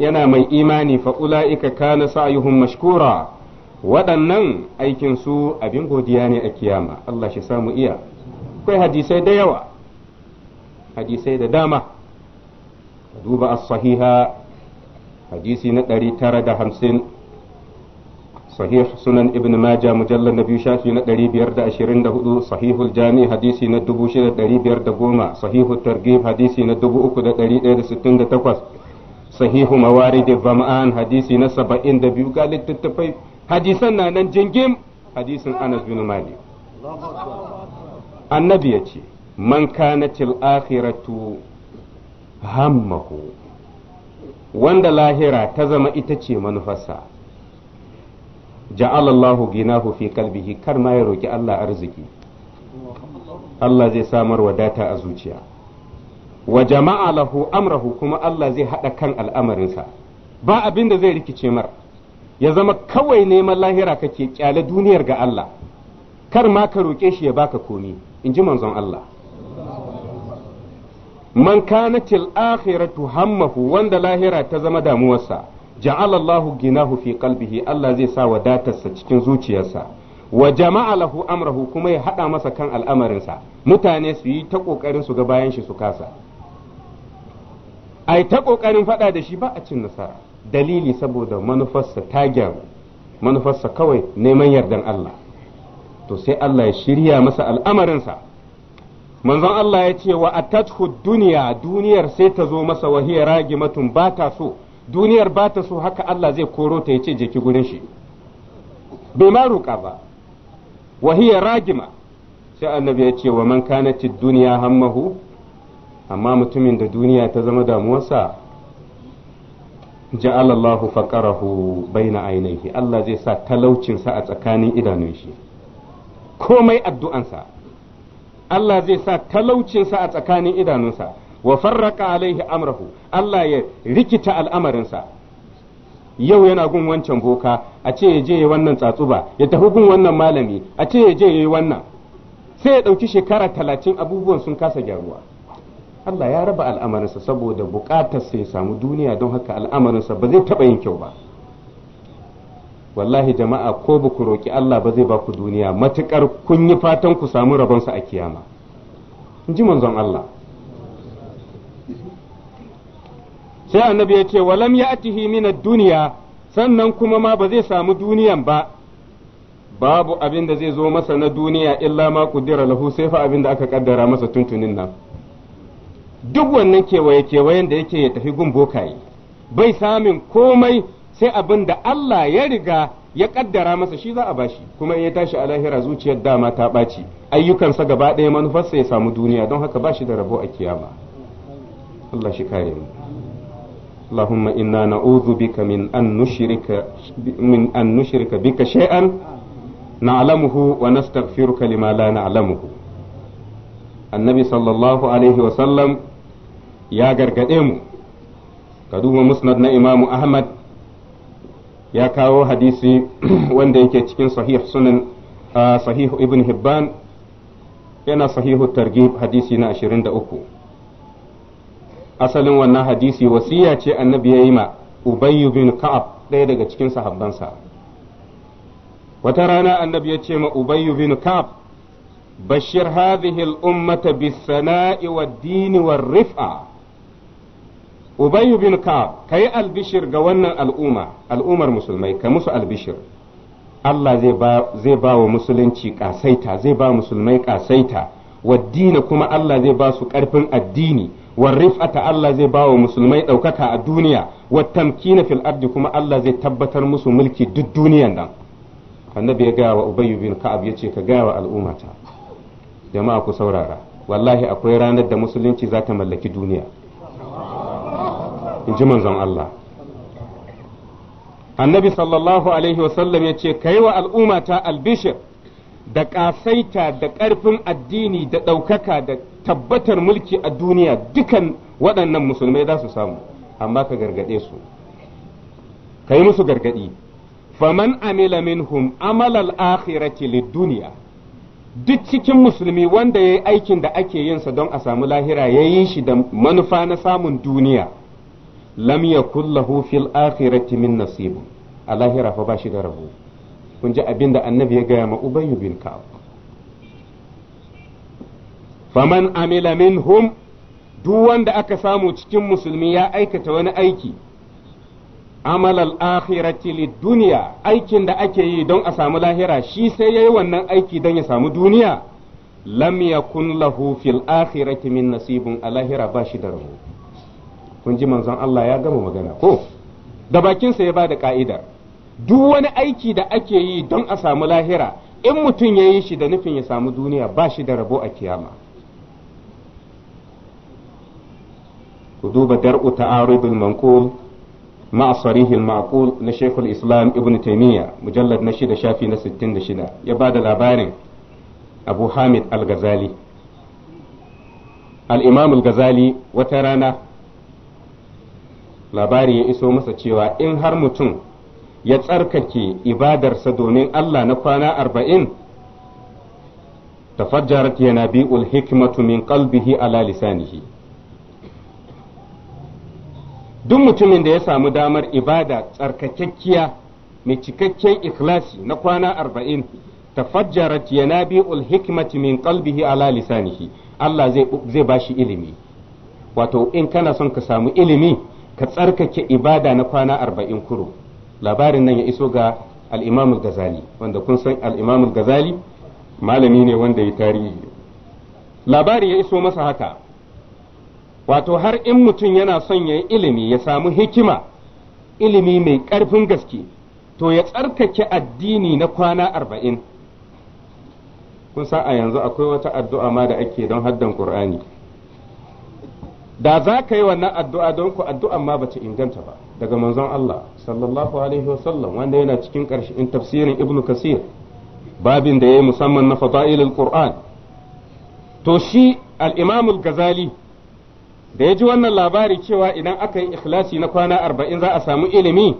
yana mai imani fa ula'ika kana sa'yuhum mashkura waɗannan aikin su abin godiya ne a kiyama Allah shi samu iya akwai hadisai da yawa hadisai da dama duba as-sahiha hadisi na ɗari tara da hamsin. sahih sunan ibn maja mujallar na biyu shafi na 524 sahihul jami hadisi na 6510 sahihul targhib hadisi na 3168 sahihu mawarid zama'an hadisi na 72 ga littattafai hadisan na nan jingim hadisin anas bin malik annabi ce man kanatil akhiratu hammahu wanda lahira ta zama ita ce manufarsa ja'alallahu ginahu fi kalbihi kar ma ya roki Allah arziki Allah zai samar wadata a zuciya wa jama'a lahu amrahu kuma Allah zai haɗa kan al'amarinsa ba abin da zai rikice mar ya zama kawai neman lahira kake kyale duniyar ga Allah kar ma ka roƙe shi ya baka komi in ji manzon Allah man til akhiratu hammahu wanda lahira ta zama damuwarsa ja'ala Allahu ginahu fi qalbihi Allah zai sa wadatarsa cikin zuciyarsa wa jama'a lahu amrahu kuma ya hada masa kan al'amarinsa mutane su yi ta kokarin su ga bayan shi su kasa ai ta kokarin fada da shi ba a cin nasara dalili saboda manufarsa ta gyaru manufarsa kawai neman yardan Allah to sai Allah ya shirya masa al'amarinsa manzon Allah ya ce wa atathu duniya duniyar sai ta zo masa wahiya ragimatun ba ta so duniyar ba ta so haka Allah zai koro ta yace je ki gurin shi bai ma roƙa ba wa hiya ragima sai annabi ya ce wa man kanat duniya hammahu amma mutumin da duniya ta zama damuwarsa ja'alallahu faqarahu baina ainihi Allah zai sa talaucinsa a tsakanin idanun shi komai addu'ansa Allah zai sa talaucinsa a tsakanin idanunsa wa farraka alaihi amrahu Allah ya rikita al'amarinsa yau yana gun wancan boka a ce ya je wannan tsatsuba ya tafi gun wannan malami a ce ya je yayi wannan sai ya ɗauki shekara talatin abubuwan sun kasa gyaruwa Allah ya raba al'amarinsa saboda buƙatarsa ya samu duniya don haka al'amarinsa ba zai taɓa yin kyau ba wallahi jama'a ko ba ku roƙi Allah ba zai ba ku duniya matuƙar kun yi fatan ku samu rabonsa a kiyama in ji manzon Allah sai annabi ya ce walam ya atihi min duniya sannan kuma ma ba zai samu duniyan ba babu abin da zai zo masa na duniya illa ma kudira lahu sai fa abin da aka kaddara masa tuntunin nan duk wannan kewaye kewayen da yake ya tafi gun bokaye bai samun komai sai abin da Allah ya riga ya kaddara masa shi za a bashi kuma in ya tashi a lahira zuciyar dama ta ɓaci ayyukansa gaba ɗaya manufarsa ya samu duniya don haka bashi da rabo a kiyama Allah shi kare mu اللهم إنا نعوذ بك من أن نشرك من أن نشرك بك شيئا نعلمه ونستغفرك لما لا نعلمه النبي صلى الله عليه وسلم يا غرغديم كدوم مسندنا إمام أحمد يا كاو حديثي wanda yake صحيح سنن صحيح ابن هبان hibban صحيح sahihu targhib hadisi na asalin wannan hadisi wasiya ce annabi ya yi ma ubayyu bin ka'ab ɗaya daga cikin sahabbansa wata rana annabi ya ce ma ubayyu bin ka'ab bashir hadhihi al-ummata bis-sana'i wad-dini war-rif'a ubayyu bin ka'ab kai albishir ga wannan al'umma al'ummar musulmai ka musu albishir Allah zai ba wa musulunci kasaita zai ba musulmai kasaita waddina kuma Allah zai ba su karfin addini warrif'ata Allah zai ba wa musulmai ɗaukaka a duniya wa tamkina fil ardi kuma Allah zai tabbatar musu mulki duk duniyan nan annabi ya gaya wa ubayyu bin ka'ab yace ka gaya wa al'ummata jama'a ku saurara wallahi akwai ranar da musulunci za ta mallaki duniya in ji manzon Allah annabi sallallahu alaihi wasallam yace kai wa al'ummata albishir da ƙasaita da ƙarfin addini da ɗaukaka da tabbatar mulki a duniya dukan waɗannan musulmai za su samu amma ka gargaɗe su ka yi musu gargaɗi faman amila minhum amalal akhirati lid duniya duk cikin musulmi wanda ya yi aikin da ake yinsa don a samu lahira ya yi shi da manufa na samun duniya lam yakul lahu fil akhirati min nasibu, a lahira fa ba shi da rabo kun ji abin da annabi ya gaya ma ubayyu bin ka'ab faman amila minhum duk wanda aka samu cikin musulmi ya aikata wani aiki amalal akhirati lid-dunya aikin da ake yi don a samu lahira shi sai yayi wannan aiki don ya samu duniya lam yakun lahu fil akhirati min nasibun a lahira ba shi da rabo kun ji manzon Allah ya gama magana ko da bakinsa ya bada ka'idar duk wani aiki da ake yi don a samu lahira in mutum ya yi shi da nufin ya samu duniya ba shi da rabo a kiyama ku duba dar'u ta'arudul manqul ma'a sarihil ma'qul na Sheikhul Islam Ibn Taymiya mujallad na shida shafi na 66 ya bada labarin Abu Hamid Al-Ghazali Al-Imam Al-Ghazali wata rana labari ya iso masa cewa in har mutum ya tsarkake ibadarsa domin Allah na kwana arba'in tafajjarat yanabi'ul hikmatu min qalbihi ala lisanihi duk mutumin da ya samu damar ibada tsarkakekkiya mai cikakken ikhlasi na kwana arba'in tafajjarat yanabi'ul hikmatu min qalbihi ala lisanihi Allah zai ba bashi ilimi wato in kana son ka samu ilimi ka tsarkake ibada na kwana arba'in kuro labarin nan ya iso ga al-Imam wanda kun san al gazali malami ne wanda ya tarihi labarin ya iso masa haka wato har in mutum yana son ya yi ilimi ya samu hikima ilimi mai ƙarfin gaske to ya tsarkake addini na kwana arba'in kun sa a yanzu akwai wata addu'a ma da ake don haddan ƙur'ani da za ka yi wannan addu'a don ku addu'an ma bata inganta ba daga manzon Allah sallallahu alaihi wasallam wanda yana cikin ƙarshen tafsirin ibn kasir babin da ya yi musamman na fada'ilul qur'an to shi al gazali da ya ji wannan labari cewa idan aka yi ikhlasi na kwana arba'in za a samu ilimi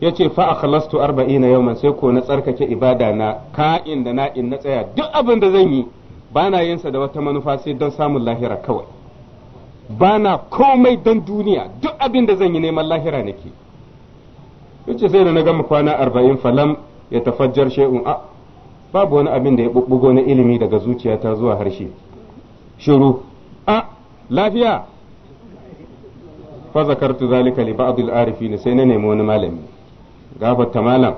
ya ce fa akhlastu yau man sai ko na tsarkake ibada na ka'in da in na tsaya duk abin da zan yi ba na yinsa da wata manufa sai don samun lahira kawai ba na komai don duniya duk abin da zan yi neman lahira nake yace sai da na gama kwana arba'in falam ya tafajjar shay'un a babu wani abin da ya bubbugo na ilimi daga zuciya ta zuwa harshe shiru a lafiya fa zakartu zalika li ba'd al-arifin sai na nemi wani malami gafarta malam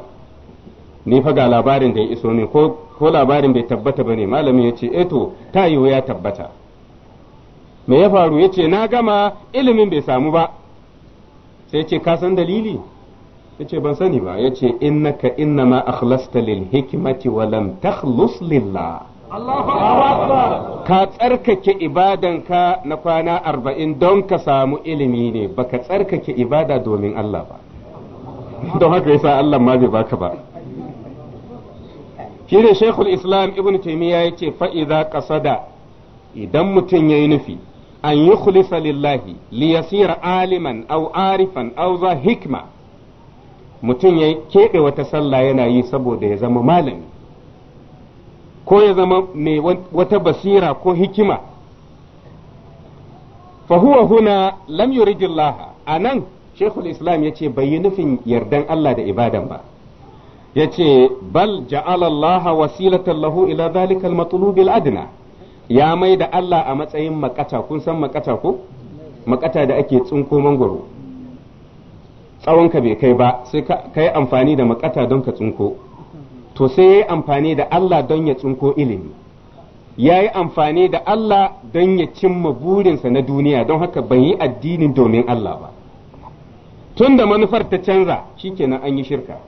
ni fa ga labarin da ya iso min ko ko labarin bai tabbata bane malamin yace eh to ta yiwu ya tabbata me ya faru ya ce na gama ilimin bai samu ba sai ce ka san dalili ya ce ban sani ba ya ce innaka innama akhlasta lil hikmati wa lam takhlus lillah ka tsarkake ibadanka na kwana arba'in don ka samu ilimi ne baka tsarkake ibada domin Allah ba don haka yasa Allah ma bai baka ba shine shekul islam ibn taimiyya ya ce fa'iza kasada idan mutum ya yi nufi an yukhlisa lillahi li yasira aliman aw arifan auza za hikma mutum ya keɓe wata sallah yana yi saboda ya zama malami ko ya zama mai wata basira ko hikima fa huwa huna lam yuridillah anan shekul islam ya ce bai yi nufin yardan Allah da ibada ba ya ce bal ja'ala Allah wasilatan lahu ila zalikal matulubil adna ya mai da Allah a matsayin makata kun san makata ko makata da ake tsinko mangoro tsawonka bai kai ba sai ka yi amfani da makata don ka tsinko to sai ya yi amfani da Allah don ya tsinko ilimi ya yi amfani da Allah don ya cimma burinsa na duniya don haka ban yi addinin domin Allah ba tun da manufar ta canza shikenan an yi shirka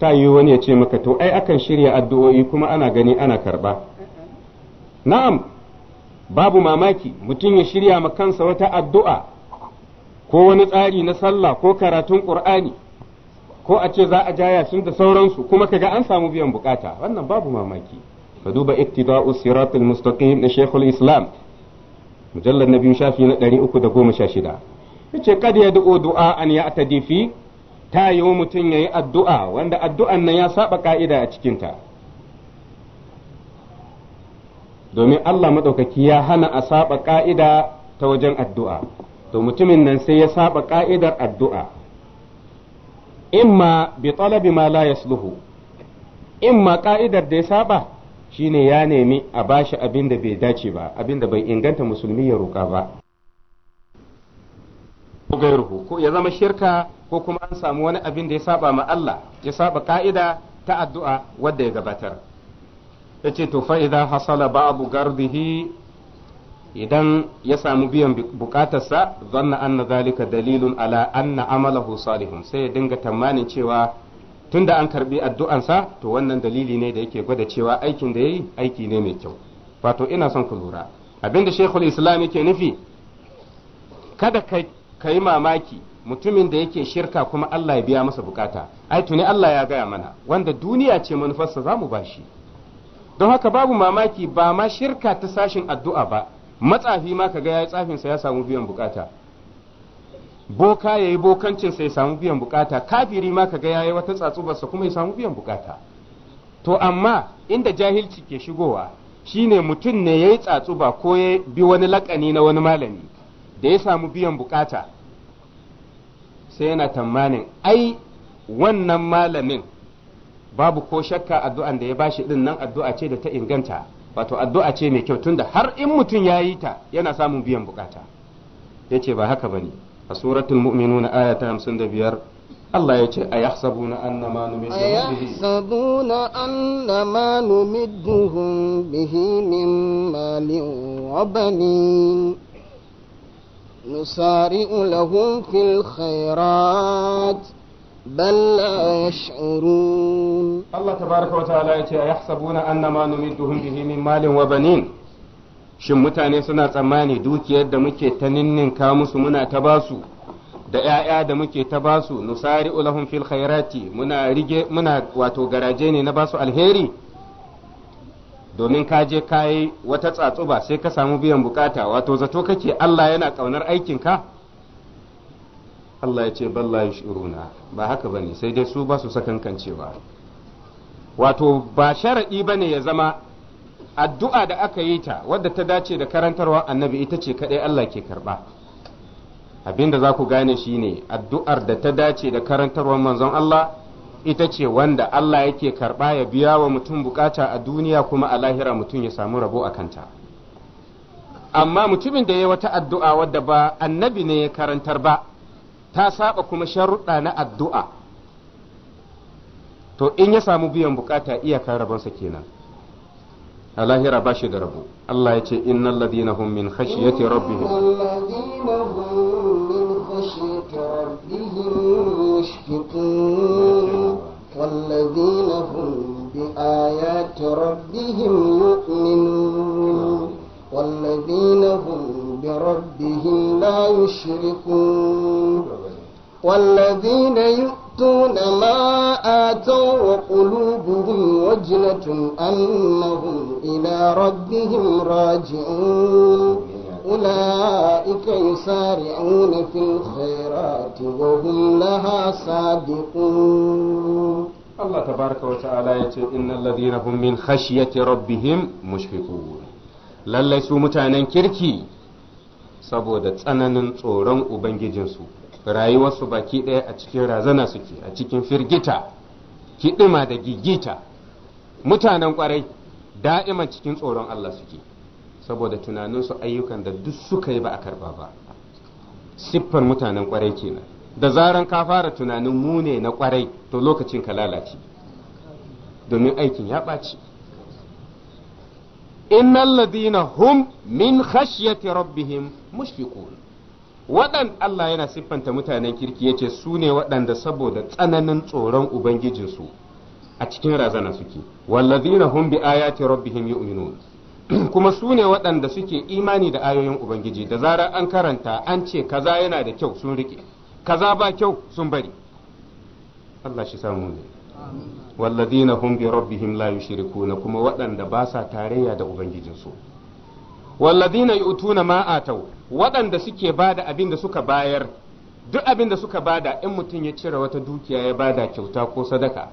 ta yi wani ya ce maka to ai akan shirya addu'o'i kuma ana gani ana karba na'am babu mamaki mutum ya shirya ma kansa wata addu'a ko wani tsari na sallah ko karatun ƙur'ani ko a ce za a jaya sun da sauransu kuma kaga an samu biyan bukata wannan babu mamaki ka duba ittida'u siratul mustaqim na shekul islam mujallar na biyu shafi na ɗari uku da goma sha shida yace kad ya du'o du'a an ya difi ta wa mutum ya yi addu'a wanda addu'an nan ya saɓa ƙa'ida a cikinta domin Allah maɗaukaki ya hana a saba ƙa'ida ta wajen addu'a to mutumin nan sai ya saba ƙa'idar addu'a imma bi talabi ma la yasluhu imma ƙa'idar da ya saba shine ya nemi a bashi abin da bai dace ba abin da bai inganta musulmi ya roƙa ba ko ya zama shirka ko kuma an samu wani abin da ya saba ma Allah ya saba ƙa'ida ta addu'a wadda ya gabatar ya ce to idan hasala babu gardihi idan ya samu biyan bukatarsa zanna an na zalika dalilun ala anna amalahu salihun sai ya dinga tamanin cewa tunda an karbi addu'ansa to wannan dalili ne da yake gwada cewa aikin da ya yi aiki ne mai kyau fato ina son ku lura abinda shekul islam yake nufi kada ka yi mamaki mutumin da yake shirka kuma Allah ya biya masa bukata ai tuni Allah ya gaya mana wanda duniya ce manufarsa za mu bashi don haka babu mamaki ba ma shirka ta sashin addu'a ba matsafi ma kaga yayi tsafin sa ya samu biyan bukata boka yayi bokancin sa ya samu biyan bukata kafiri ma kaga yayi wata tsatsubar sa kuma ya samu biyan bukata to amma inda jahilci ke shigowa shine mutum ne yayi tsatsuba ko ya bi wani lakani na wani malami da ya samu biyan bukata sai yana tamanin ai wannan malamin babu ko shakka addu'an da ya bashi din nan addu'a ce da ta inganta wato addu'a ce mai kyau tunda har in mutum ya yi ta yana samun biyan bukata yace ba haka bane a suratul mu'minuna aya ta 55 Allah ya ce a yahsabuna annama numidduhum bihi min malin wa banin nusari'u lahum fil khairat بل لا يشعرون الله تبارك وتعالى يحسبون أن ما نمدهم به من مال وبنين shin mutane suna tsammani dukiyar da muke ta ninninka musu muna ta basu da ‘ya'ya da muke ta basu nusari ulahun fil khairati muna rige muna wato garaje ne na basu alheri domin ka je kayi wata tsatsuba sai ka samu biyan bukata wato zato kake Allah yana ƙaunar aikinka Allah ya ce balla yushiruna ba haka ne sai dai su ba su sakankancewa wato ba sharadi ne ya zama addu'a da aka yi ta wadda ta dace da karantarwa annabi ita ce kadai Allah ke karɓa. abinda za ku gane shi ne addu'ar da ta dace da karantarwar manzon Allah ita ce wanda Allah yake karɓa ya biya wa mutum bukata a duniya kuma a lahira mutum ya samu rabo a kanta amma mutumin da ya yi wata addu'a wadda ba annabi ne ya karantar ba ta saba kuma sharuɗa na addu'a to in ya samu biyan bukata iyakar rabonsa kenan a lahira ba shi da rabo Allah ya ce innal ladina hum min khashyati rabbihim والذين هم بآيات ربهم يؤمنون والذين هم بربهم لا يشركون والذين يؤتون ما آتوا وقلوبهم وجلة أنهم إلى ربهم راجعون أولئك يسارعون في الخيرات وهم لها سابقون الله تبارك وتعالى يقول إن الذين هم من خشية ربهم مشفقون lallai su mutanen kirki saboda tsananin tsoron ubangijinsu rayuwarsu baki ɗaya a cikin razana suke a cikin firgita kiɗima da gigita mutanen kwarai da'ima cikin tsoron Allah suke saboda tunaninsu ayyukan da duk suka yi ba a karba ba siffar mutanen kwarai kenan da zaran ka fara tunanin mu ne na kwarai to lokacin ka lalace domin aikin ya ɓaci innal ladina hum min khashyati rabbihim mushfiqun waɗan Allah yana siffanta mutanen kirki yace su ne waɗanda saboda tsananin tsoron ubangijinsu a cikin razana suke wallazina hum bi ayati rabbihim yu'minun kuma su ne waɗanda suke imani da ayoyin ubangiji da zarar an karanta an ce kaza yana da kyau sun rike kaza ba kyau sun bari Allah shi samu ne walladina hum bi rabbihim la yushrikuna kuma waɗanda ba sa tarayya da ubangijinsu walladina yu'tuna ma atau waɗanda suke bada abin da suka bayar duk abin da suka bada in mutum ya cire wata dukiya ya bada kyauta ko sadaka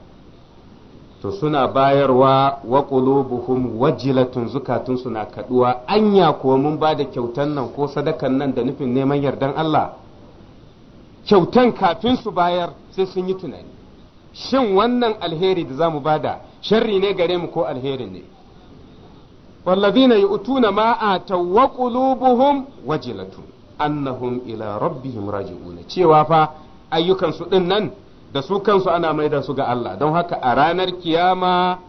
to suna bayarwa wa qulubuhum wajilatun zukatun suna kaduwa anya ko mun bada kyautan nan ko sadakan nan da nufin neman yardan Allah kyautan kafin su bayar sai sun yi tunani shin wannan alheri da zamu bada sharri ne gare mu ko alheri ne wallazina yu'tuna ma ataw wa qulubuhum wajilatu annahum ila rabbihim raji'un cewa fa ayyukan su din nan da su kansu ana maida su ga Allah don haka a ranar kiyama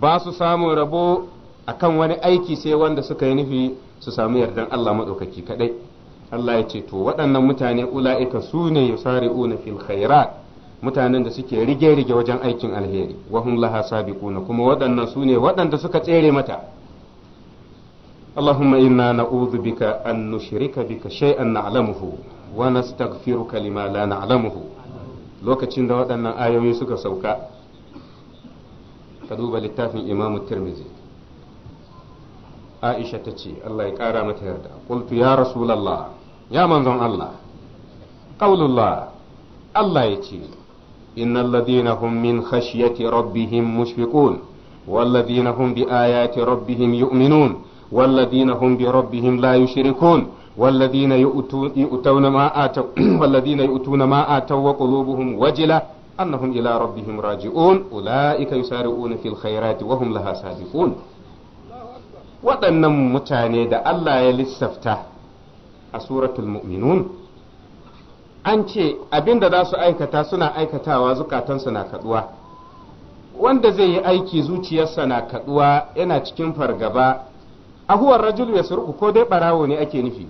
ba su samun rabo akan wani aiki sai wanda suka yi nufi su samu yardan Allah madaukaki kaɗai Allah ya ce to waɗannan mutane ula'ika su ne yusari'una fil khairat mutanen da suke rige-rige wajen aikin alheri wa laha sabiquna kuma waɗannan su ne waɗanda suka tsere mata اللهم إنا نعوذ بك أن نشرك بك شيئا نعلمه ونستغفرك لما لا نعلمه lokacin da waɗannan ayoyi suka sauka ka duba littafin imamu tirmizi aisha ta ce mata yarda qultu ya ya manzon Allah qaulullah Allah إن الذين هم من خشية ربهم مشفقون والذين هم بآيات ربهم يؤمنون والذين هم بربهم لا يشركون والذين يؤتون ما آتوا والذين يؤتون ما آتوا وقلوبهم وجلة أنهم إلى ربهم راجعون أولئك يسارعون في الخيرات وهم لها سابقون waɗannan mutane da Allah ya lissafta a an ce abin da za su aikata suna aikatawa zukatansu na kaduwa wanda zai yi aiki zuciyarsa na kaduwa yana cikin fargaba ahuwar rajul ya surku ko dai barawo ne ake nufi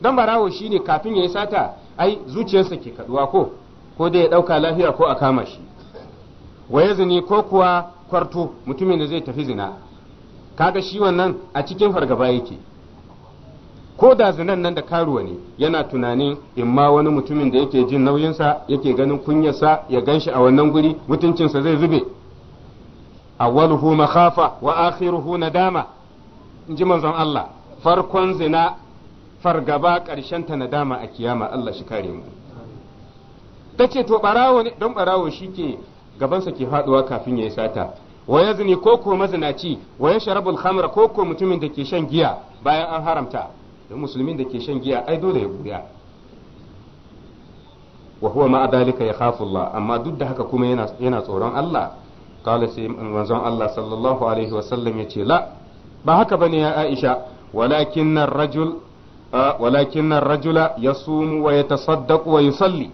don barawo shi ne kafin ya yi sata ai zuciyarsa ke kaduwa ko ko dai ya dauka lafiya ko a kama shi Waye zini ko kuwa kwarto mutumin da zai tafi zina kaga shi wannan a cikin fargaba yake ko da zinan nan da karuwa ne yana tunanin in ma wani mutumin da yake jin nauyinsa yake ganin kunyarsa ya ganshi a wannan guri mutuncinsa zai zube awwaluhu makhafa wa akhiruhu nadama in ji manzon Allah farkon zina fargaba ƙarshen ta nadama a kiyama Allah shi kare mu tace to barawo ne don barawo shike gabansa ke faduwa kafin ya sata waya yazni ko ko mazinaci wa yashrabul khamra ko ko mutumin da ke shan giya bayan an haramta da musulmin da ke shan giya ai dole ya buya wa huwa ma dalika ya khafu Allah amma duk da haka kuma yana tsoron Allah kala sai manzon Allah sallallahu alaihi wa sallam yace la ba haka bane ya Aisha walakin rajul walakin rajula yasumu wa yatasaddaqu wa yusalli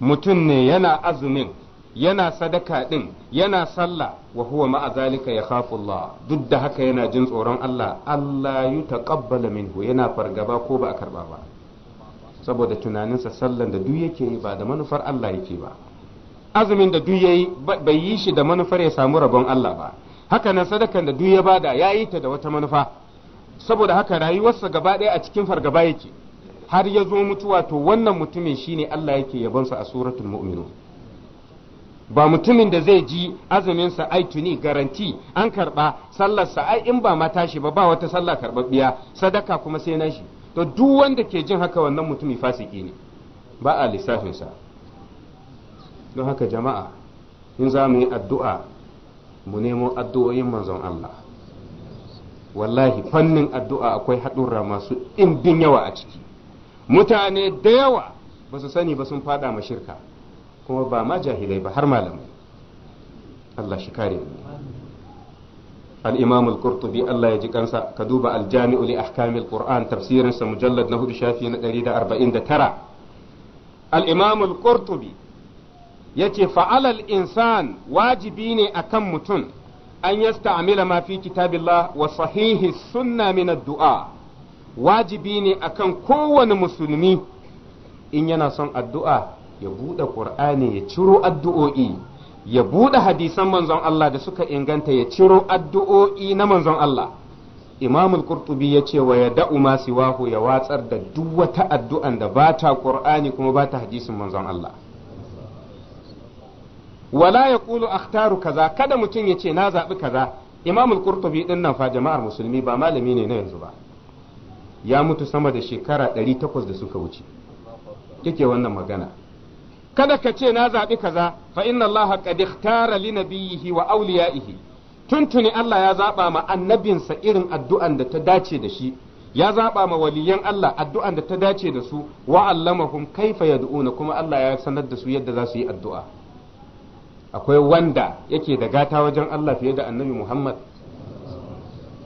mutum ne yana azumin yana sadaka din yana sallah wa huwa ma'a zalika Allah duk da haka yana jin tsoron Allah Allah yutaqabbala minhu yana fargaba ko ba a karba ba saboda tunaninsa sallan da duk yake yi ba da manufar Allah yake ba azumin da duk yayi bai yi shi da manufar ya samu rabon Allah ba haka nan sadakan da duk ya bada ya yi ta da wata manufa saboda haka rayuwarsa gaba ɗaya a cikin fargaba yake har ya zo mutuwa to wannan mutumin shine Allah yake yabonsa a suratul mu'minun ba mutumin da zai ji azuminsa ai tuni garanti an karba sallarsa ai in ba mata shi ba ba wata sallah karbabbiya sadaka kuma sai na shi to duk wanda ke jin haka wannan mutumi fasiki ne ba a lissafinsa don haka jama'a in za mu yi addu'a mu nemo addu'o'in manzon Allah wallahi fannin addu'a akwai haɗurra masu ɗimbin yawa a ciki mutane da yawa ba su sani ba sun fada ma shirka kuma ba ma jahilai ba har malamai Allah shi kare al-imam al-qurtubi Allah ya ji kansa ka duba al-jami'u li ahkam al-qur'an tafsirin sa mujallad na hudu shafi na 149 al-imam al ya yace fa'alal insan wajibi ne akan mutum an yasta'mila ma fi kitabillah wa sahihi sunna min ad-du'a wajibi ne akan kowane musulmi in yana son addu'a ya buɗe ƙur'ani ya ciro addu'o'i ya buɗe hadisan manzon Allah da suka inganta ya ciro addu'o'i na manzon Allah imamul al-Qurtubi ya ce wa yada'u ma siwahu ya watsar da duk wata addu'an da bata ta Qur'ani kuma bata ta hadisin manzon Allah wala ya kulu akhtaru kaza kada mutum ya ce na zaɓi kaza imamul al ɗin din nan fa jama'ar musulmi ba malami ne na yanzu ba ya mutu sama da shekara ɗari takwas da suka wuce yake wannan magana kada ka ce na zaɓi kaza fa inna allaha qad ikhtara li nabiyhi wa awliyaihi tuntuni Allah ya zaɓa ma annabinsa irin addu'an da ta dace da shi ya zaɓa ma waliyan Allah addu'an da ta dace da su wa allamahum kaifa yad'una kuma Allah ya sanar da su yadda za su yi addu'a akwai wanda yake da gata wajen Allah fiye da annabi Muhammad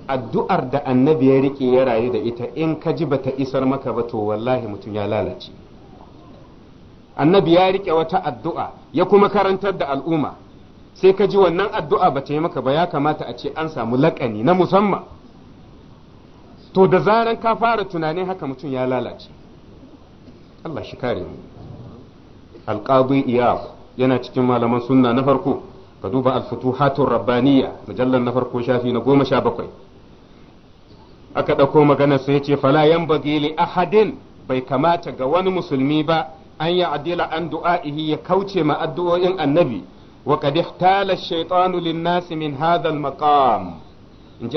addu'ar da annabi ya rike ya rayu da ita in ka ji bata isar maka ba to wallahi mutum ya lalace annabi ya rike wata addu'a ya kuma karantar da al'umma sai ka ji wannan addu'a ba ta yi maka ba ya kamata a ce an samu laƙani na musamman to da zaran ka fara tunanin haka mutum ya lalace Allah shi kare mu alqadi iyab yana cikin malaman sunna na farko ka duba al-futuhatur rabbaniyya mujallal na farko shafi na goma aka ɗauko magana sai ce fala yan li ahadin bai kamata ga wani musulmi ba an ya adila an du'a'ihi ya kauce ma addu'o'in annabi wa qad ihtala ash-shaytanu lin-nas min hadha al-maqam in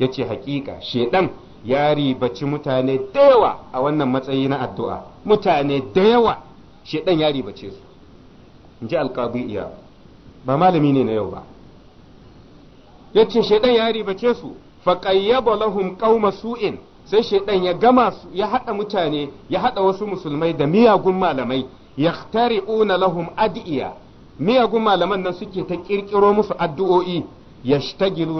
yace hakika shedan ya ribaci mutane da a wannan matsayi na addu'a mutane da yawa ya ribace su in ji alqabiya ba malami ne na yau ba yace shaiɗan ya ribace su faqayyaba lahum sai shaidan ya gama su ya haɗa mutane ya haɗa wasu musulmai da miyagun malamai una lahum adiya miyagun malaman nan suke ta kirkiro musu addu'o'i ya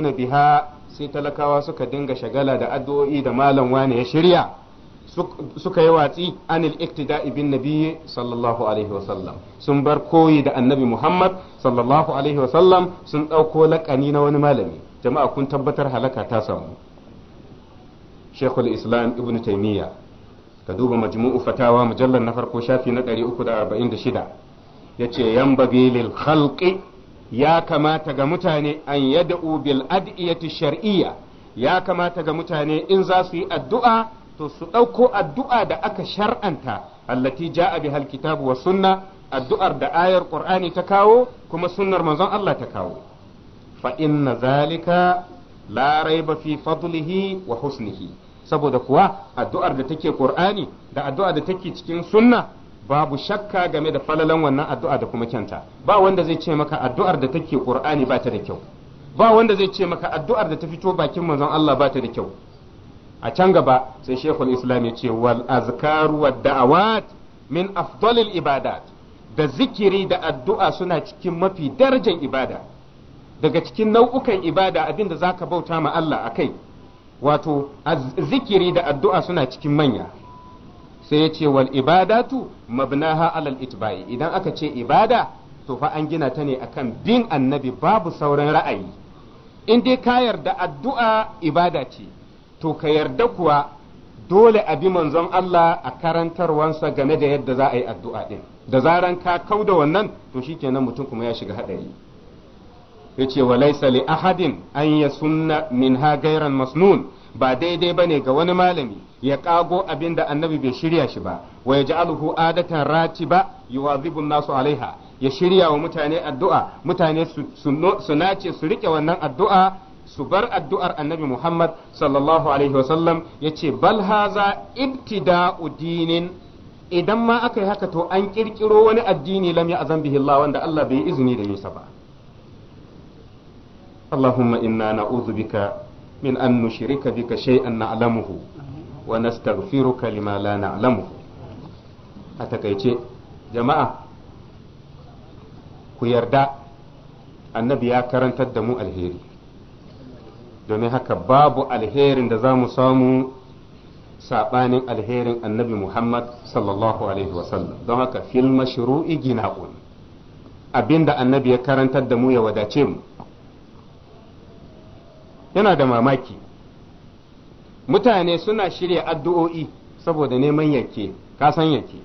na biha sai talakawa suka dinga shagala da addu'o'i da malam wani ya shirya suka yi watsi anil iktida'i bin nabiyyi sallallahu alaihi wasallam sun bar koyi da annabi muhammad sallallahu alaihi wasallam sun ɗauko laƙani na wani malami jama'a kun tabbatar halaka ta samu shekul islam ibn taimiyya ka duba majmu'u fatawa mujallar na farko shafi na 346 ya ce yan lil khalqi ya kamata ga mutane an yada'u bil ad'iyati shar'iyya ya kamata ga mutane in za su yi addu'a to su ɗauko addu'a da aka shar'anta allati ja'a bihal kitabu wa sunna addu'ar da ayar qur'ani ta kawo kuma sunnar manzon Allah ta kawo fa inna zalika la raiba fi fadlihi wa husnihi saboda kuwa addu'ar da take Qur'ani da addu'a da take cikin sunna babu shakka game da falalan wannan addu'a da kuma kyanta ba wanda zai ce maka addu'ar da take Qur'ani ba ta da kyau ba wanda zai ce maka addu'ar da ta fito bakin manzon Allah ba ta da kyau a can gaba sai Sheikhul Islam ya ce wal azkaru wad da'awat min afdalil ibadat da zikiri da addu'a suna cikin mafi darajar ibada daga cikin nau'ukan ibada abinda zaka bauta ma Allah akai wato zikiri da addu'a suna cikin manya sai ya ce wal ibadatu mabnaha alal itiba'i idan aka ce ibada to fa an gina ta ne akan bin annabi babu sauran ra'ayi in dai ka yarda addu'a ibada ce to ka yarda kuwa dole a bi manzon Allah a karantarwansa game da yadda za a yi addu'a ɗin da zaran ka kauda wannan to shi kenan mutum kuma ya shiga haɗari yace wa laysa li ahadin an yasunna minha gairan masnun ba daidai bane ga wani malami ya kago abin da annabi bai shirya shi ba wa yaj'aluhu adatan ratiba yuwadhibu nasu alaiha ya shirya wa mutane addu'a mutane su nace su rike wannan addu'a su bar addu'ar annabi Muhammad sallallahu alaihi wasallam ya ce bal haza ibtida'u dinin idan ma aka yi haka to an kirkiro wani addini lam a zan bihi Allah wanda Allah bai izini da Yusa ba اللهم إنا نعوذ بك من أن نشرك بك شيئا نعلمه ونستغفرك لما لا نعلمه أتكيتي جماعة كيردا النبي يا كرن تدمو الهيري domin haka babu alherin da za mu samu saɓanin alherin annabi Muhammad sallallahu Alaihi wasallam don haka fil mashru'i gina'un abinda annabi ya karantar da mu ya wadace mu yana da mamaki mutane suna shirya addu'o'i saboda neman yake kasan yake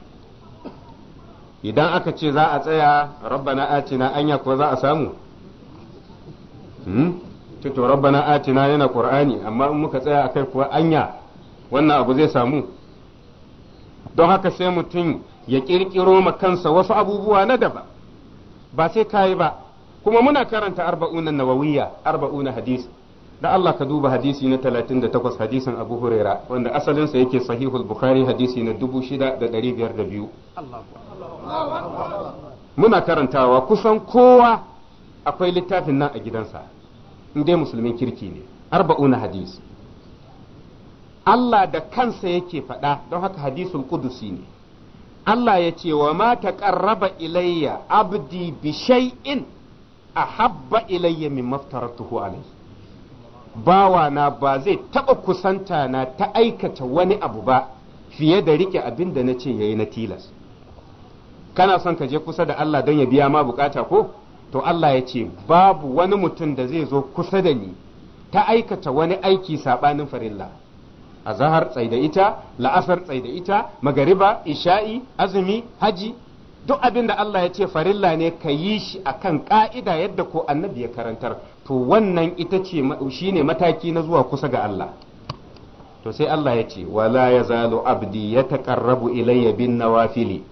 idan aka ce za a tsaya rabbana atina anya ko za a samu hmm? to rabbana atina yana ƙur'ani amma in muka tsaya a kai kuwa anya wannan abu zai samu don haka sai mutum ya ƙirƙiro ma kansa wasu abubuwa na daba ba sai yi ba kuma muna karanta arba'una nawawiyya arba'una hadisi da Allah ka duba hadisi na 38 hadisin Abu Huraira wanda sa yake sahihul Bukhari hadisi na 6502 muna karantawa kusan kowa akwai littafin nan a gidansa in dai musulmin kirki ne arba'una hadisi Allah da kansa yake faɗa don haka hadisul kudusi ne Allah ya ce wa ma taqarraba ilayya abdi bi shay'in ahabba ilayya mimma aftaratuhu alayhi Bawa na ba zai taɓa kusanta na ta aikata wani abu ba fiye da rike abin da na ce ya yi na tilas kana son ka je kusa da Allah don ya biya ma bukata ko to Allah ya ce babu wani mutum da zai zo kusa da ni ta aikata wani aiki saɓanin farilla a zahar tsaida ita la'asar tsaida ita magariba isha'i azumi haji duk abin da Allah ya ce farilla ne ka yi shi akan ka'ida yadda ko annabi ya karantar to wannan ita ce shi ne mataki na zuwa kusa ga Allah to sai Allah ya ce wala ya zalo abdi ya yataqarrabu ilayya bin nawafili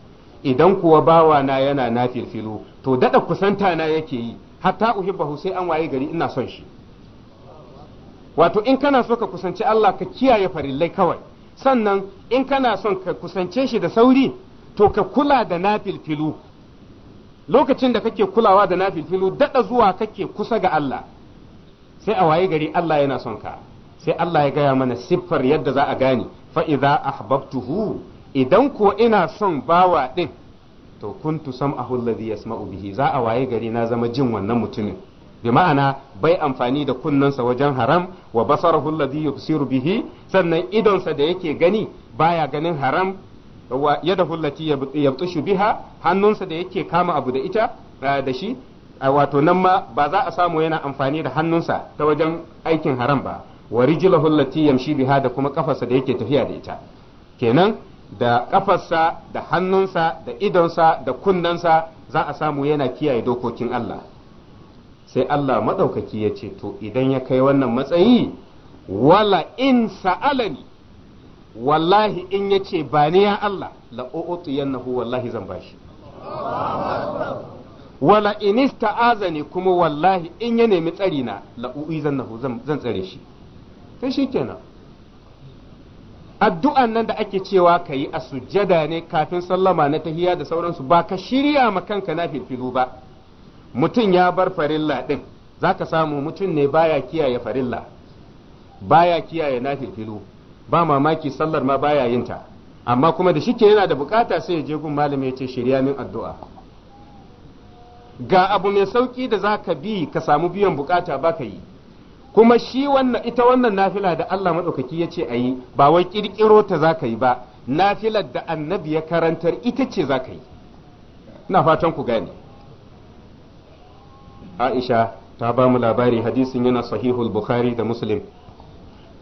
idan kuwa bawana yana nafilfilu to daɗa kusanta na yake yi hatta uhibbahu sai an waye gari ina son shi wato in kana so ka kusanci Allah ka kiyaye farillai kawai sannan in kana son ka kusance shi da sauri to ka kula da nafilfilu lokacin da kake kulawa da nafilfilu daɗa zuwa kake kusa ga Allah sai a waye gari Allah yana son ka sai Allah ya gaya mana siffar yadda za a gane fa'iza ahbabtuhu idan ko ina son bawa ɗin to kuntu sam'ahu alladhi yasma'u bihi za a waye gari na zama jin wannan mutumin bi ma'ana bai amfani da kunnensa wajen haram wa basarahu alladhi yubsiru bihi sannan idonsa da yake gani baya ganin haram wa yadahu allati yabtishu biha hannunsa da yake kama abu da ita da shi wato nan ma ba za a samu yana amfani da hannunsa ta wajen aikin haram ba wa rijlahu allati yamshi biha da kuma kafarsa da yake tafiya da ita kenan da kafarsa da hannunsa da idonsa da kunnensa za a samu yana kiyaye dokokin Allah sai Allah madaukaki ya ce to idan ya kai wannan matsayi wala in sa'alani wallahi in yace ba ni ya Allah la u'tiyannahu wallahi zan bashi wala in ista'azani kuma wallahi in ya nemi tsari na la zan tsare shi sai kenan addu'an nan da ake cewa ka yi a sujjada ne kafin sallama na tahiya da sauransu ba ka shirya ma kanka na filfilu ba mutum ya bar farilla din za samu mutum ne baya kiyaye farilla baya kiyaye na filfilu ba mamaki sallar ma baya yin ta amma kuma da shike yana da bukata sai ya je gun malami ya ce shirya min addu'a ga abu mai sauki da zaka bi ka samu biyan bukata ba ka yi kuma shi wannan ita wannan nafila da Allah madaukaki ya ce ayi ba wai kirkiro ta zaka yi ba nafilar da annabi ya karantar ita ce zaka yi ina fatan ku gane Aisha ta ba mu labari hadisin yana sahihul Bukhari da Muslim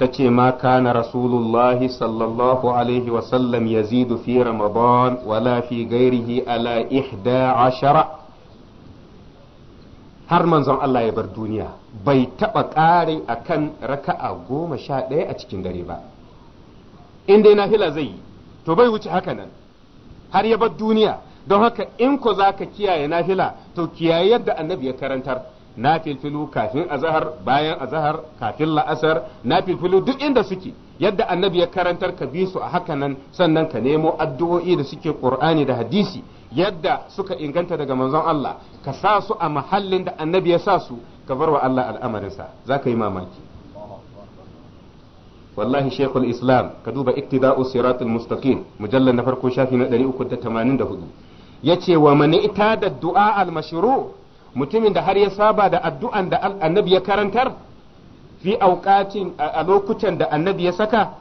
ce ma kana rasulullahi sallallahu alaihi wasallam yazidu fi ramadan wala fi gairihi ala ihda ashara har manzon Allah ya bar duniya bai taɓa ƙari kan raka'a goma sha ɗaya a cikin dare ba in dai nafila zai yi to bai wuce haka nan har ya bar duniya don haka in ko za ka kiyaye nafila to kiyaye yadda annabi ya karantar na filfilu kafin azahar bayan azahar kafin la'asar na filfilu duk inda suke yadda annabi ya karantar ka bi su a haka nan sannan ka nemo addu'o'i da suke qur'ani da hadisi yadda suka inganta daga manzon Allah ka sa su a mahallin da annabi ya sa su ka bar wa Allah al'amarinsa za ka yi mamaki wallahi shekul islam ka duba iktida'u siratul mustaqim mujallal na farko shafi na 384 yace wa man ita da du'a al mashru' mutumin da har ya saba da addu'an da annabi ya karantar fi auqatin a lokutan da annabi ya saka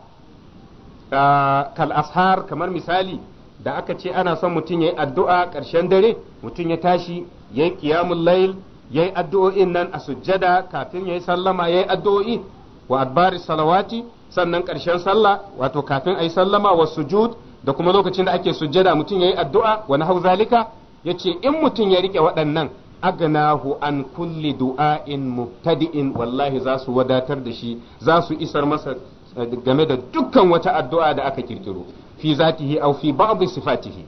kal ashar kamar misali da aka ce ana son mutum ya yi addu'a ƙarshen dare mutum ya tashi ƙiyamun layil ya yayi addu'o'in nan a sujjada kafin ya yi sallama yayi addu'o'i wa adbari salawati sannan ƙarshen sallah wato kafin a yi sallama wa sujud da kuma lokacin da ake sujjada mutum ya yi addu'a wani hauzalika zalika ce in mutum ya riƙe waɗannan agnahu an kulli du'ain mubtadi'in wallahi za su wadatar da shi za su isar masa eh, game da dukkan wata addu'a da aka kirkiro fi zatihi aw fi ba'd sifatihi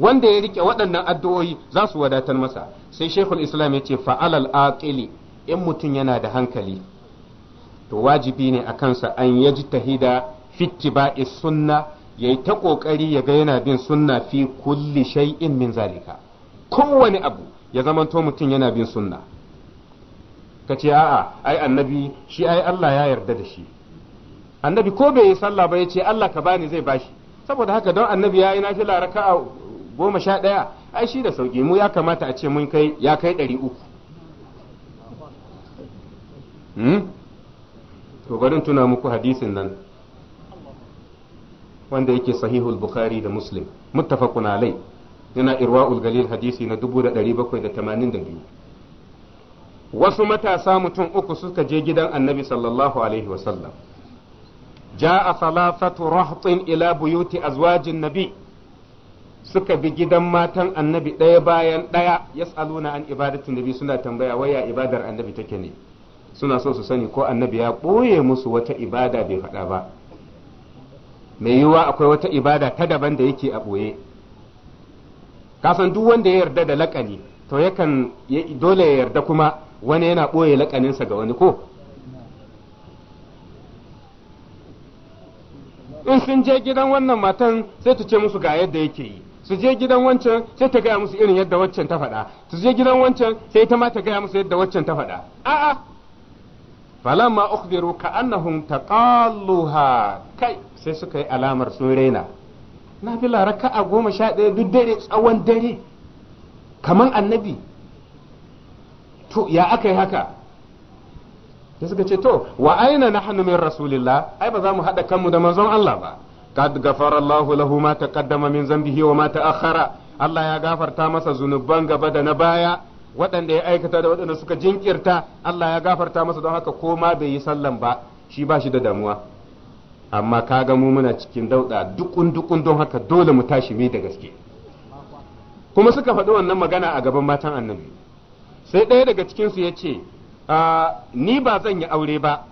wanda ya rike waɗannan addu'o'i za su wadatar masa sai shekul islam ya ce fa'alal aqili in mutum yana da hankali to wajibi ne a kansa an ya ji tahida fittiba'i sunna ya yi ta ƙoƙari ya ga yana bin sunna fi kulli shay'in min zalika kowane abu ya zamanto mutum yana bin sunna ka ce a'a ai annabi shi ai Allah ya yarda da shi annabi ko bai yi sallah ba ya ce Allah ka bani zai bashi saboda haka don annabi ya yi na fila raka'a goma sha ɗaya ai shi da sauƙi mu ya kamata a ce mun kai ya kai ɗari uku hmm? to garin tuna muku hadisin nan wanda yake sahihul bukhari da muslim muttafaqun alai yana irwa'ul galil hadisi na biyu wasu matasa mutum uku suka je gidan annabi sallallahu alaihi wasallam جاء ثلاثة رهط إلى بيوت أزواج nabi suka bi gidan matan annabi ɗaya bayan ɗaya yas'aluna an ibadatu nabi suna tambaya waya ibadar annabi take ne suna so su sani ko annabi ya ɓoye musu wata ibada bai faɗa ba mai yiwuwa akwai wata ibada ta daban da yake a ɓoye kasan duk wanda ya yarda da laƙani to yakan dole ya yarda kuma wani yana ɓoye laƙaninsa ga wani ko in sun je gidan wannan matan sai ta ce musu ga yadda yake yi su je gidan wancan sai ta gaya musu irin yadda waccan ta faɗa su je gidan wancan sai ta ma ta gaya musu yadda waccan ta faɗa a'a falamma ukhbiru ka annahum taqalluha kai sai suka yi alamar sun raina laraka a goma sha ɗaya duk dare tsawon dare kaman annabi to ya aka yi haka da suka ce to wa aina na hannu min rasulillah ai ba za mu haɗa kanmu da manzon Allah ba kad gafara Allahu lahu ma taqaddama min zambihi wa ma ta'akhara Allah ya gafarta masa zunuban gaba da na baya waɗanda ya aikata da waɗanda suka jinkirta Allah ya gafarta masa don haka ko ma bai yi sallan ba shi ba shi da damuwa amma kaga mu muna cikin dauda dukun dukun don haka dole mu tashi mi da gaske kuma suka faɗi wannan magana a gaban matan annabi sai ɗaya daga cikinsu ya ce ni ba zan yi aure ba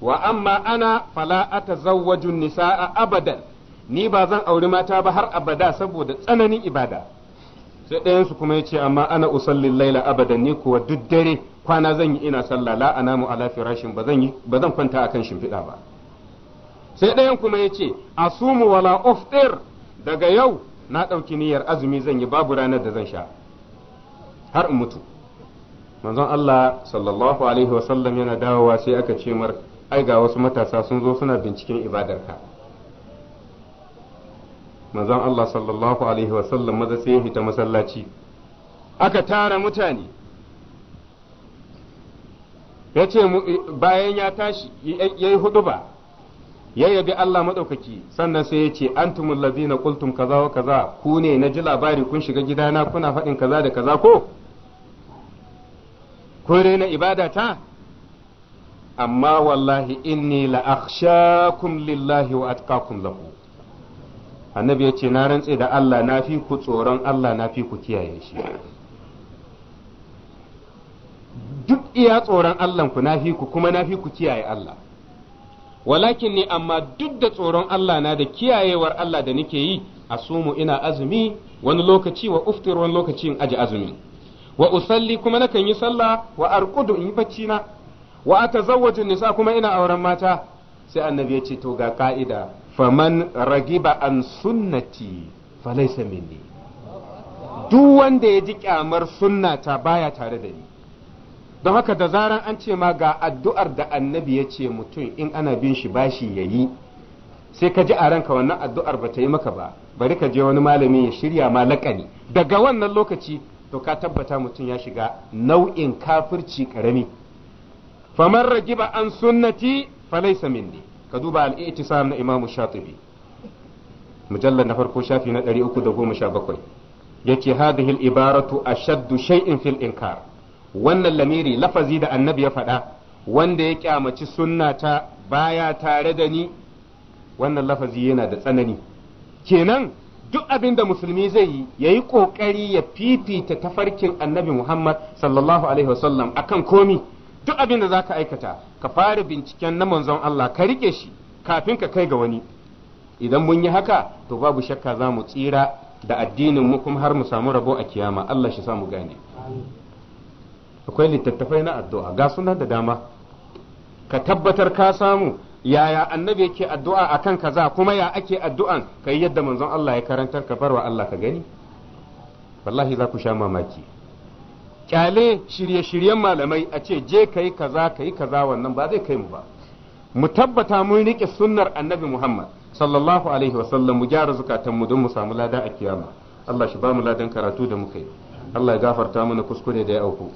wa amma ana fala atazawwaju nisa'a abadan ni ba zan aure mata ba har abada saboda tsananin ibada sai ɗayansu kuma ya ce amma ana usallin laila abadan ni kuwa duk dare kwana zan yi ina sallah la anamu ala firashin ba zan kwanta akan shimfiɗa ba sai ɗayan kuma ya ce a sumu wala uftir daga yau na ɗauki niyyar azumi zan yi babu ranar da zan sha har in mutu manzon Allah sallallahu alaihi wasallam yana dawowa sai aka ce mar ai ga wasu matasa sun zo suna binciken ibadarka manzon Allah sallallahu alaihi wasallam maza sai ya fita masallaci aka tara mutane ya ce bayan ya tashi ya yi ba ya yabi Allah maɗaukaki sannan sai ya ce antumul ladina qultum kaza wa kaza ku ne na ji labari kun shiga gidana kuna faɗin kaza da kaza ko dai na ibada ta amma wallahi inni la akhshakum lillahi wa atqakum lahu annabi ya ce na rantse da Allah na fi ku tsoron Allah na fi ku kiyaye shi duk iya tsoron Allah ku na fi ku kuma na fi ku kiyaye Allah walakin ne amma duk da tsoron Allah na da kiyayewar Allah da nake yi a sumu ina azumi wani lokaci wa uftir wani lokaci in aji azumi wa usalli kuma nakan yi sallah wa arqudu in yi bacci na wa atazawwaju nisa kuma ina auren mata sai annabi ya ce to ga ka'ida faman ragiba an sunnati falaysa minni duk wanda ya ji kyamar sunnata baya tare da ni don haka da zaran an ce ma ga addu'ar da annabi ya ce mutum in ana bin shi bashi ya yi sai ka ji a ranka wannan addu'ar ba ta yi maka ba bari ka je wani malami ya shirya ma laƙani daga wannan lokaci to ka tabbata mutum ya shiga nau'in kafirci karami famar ragiba an sunnati falaisa minni ka duba al na imamu shatibi mujallar na farko shafi na 317 yake hadhihi al-ibaratu ashaddu shay'in fil inkar wannan lamiri lafazi da annabi ya faɗa wanda ya kyamaci sunnata baya tare da ni wannan lafazi yana da tsanani kenan duk abin da musulmi zai yi ya yi ƙoƙari ya fifita tafarkin annabi muhammad sallallahu alaihi wasallam akan komi duk abin da za ka aikata ka fara binciken na manzon allah ka riƙe shi kafin ka kai ga wani idan mun yi haka to babu shakka za mu tsira da addinin mu kuma har mu samu rabo a kiyama allah shi samu gane akwai littattafai na addu'a ga sunan da dama ka tabbatar ka samu yaya annabi yake addu'a akan kaza kuma ya ake addu'an kai yadda manzon Allah ya karantar ka wa Allah ka gani wallahi za ku sha mamaki kyale shirye-shiryen malamai a ce je kai kaza kai kaza wannan ba zai kai mu ba mu tabbata mun rike sunnar annabi Muhammad sallallahu alaihi wasallam mu gyara zukatan mu don mu samu lada a kiyama Allah shi ba mu ladan karatu da muka yi Allah ya gafarta mana kuskure da ya auku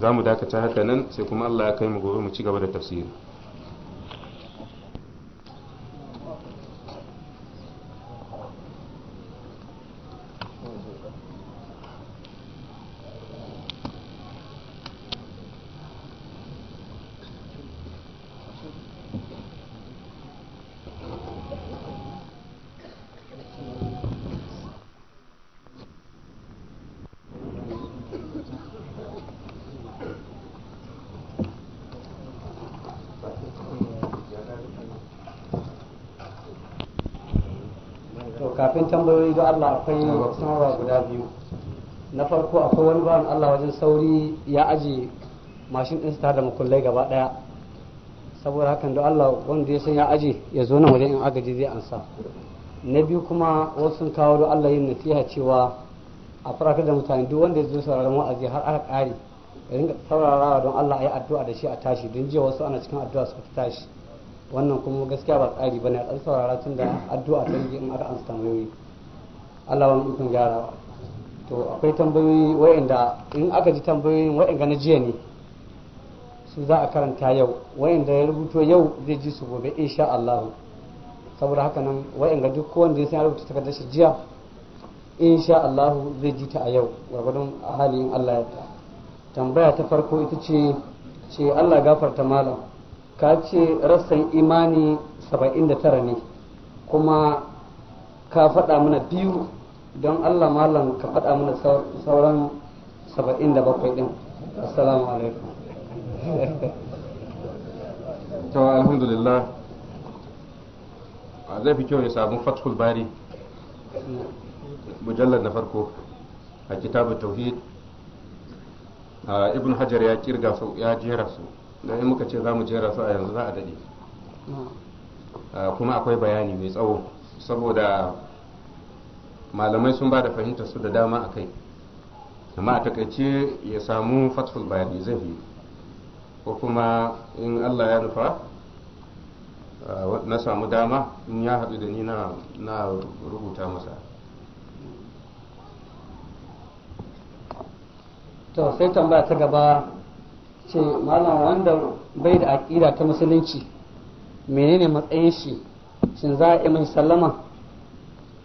za mu dakata haka nan sai kuma Allah ya kai mu gobe mu ci gaba da tafsiri akwai don Allah akwai sahara guda biyu na farko akwai wani bawan Allah wajen sauri ya aje mashin ɗin da makullai gaba ɗaya saboda hakan da Allah wanda ya san ya aje ya zo nan wajen in agaji zai ansa na biyu kuma wasu sun kawo da Allah yin nasiha cewa a farkar da mutane duk wanda ya zo sauraron wa'azi har aka ƙare ya ringa saurarawa don Allah a yi addu'a da shi a tashi don jiya wasu ana cikin addu'a ta tashi wannan kuma gaskiya ba tsari ne a ɗan saurara tun da addu'a ta yi in aka ansa tambayoyi Allah wani ikon gyarawa to akwai tambayoyi wa'inda in aka ji tambayoyin wa'inda na jiya ne su za a karanta yau wa'inda ya rubuto yau zai ji su gobe insha Allah saboda haka nan wa'inda duk wanda ya san rubuta takardar shi jiya insha Allah zai ji ta a yau gwargwadon halin Allah ya ta tambaya ta farko ita ce ce Allah gafarta malam ka ce rassan imani 79 ne kuma ka faɗa mana biyu don Allah malam ka faɗa mana sauran saba'in da bakwai ɗin assalamu alaikum to alhamdulillah zai fi kyau ya samu fathul bari mujallar na farko a kitabu tauhid ibn hajar ya kirga su ya jera su da in muka ce za mu jera su a yanzu za a daɗe kuma akwai bayani mai tsawo saboda malamai sun ba da fahimtar su da dama a kai amma a takaice ya samu fatful bayani zai fi ko kuma in allah ya rufa uh, na samu dama in ya haɗu da ni na rubuta masa to sai tambaya ta gaba ce malam wanda bai da aƙida ta musulunci menene matsayin shi shin za a yi mai sallama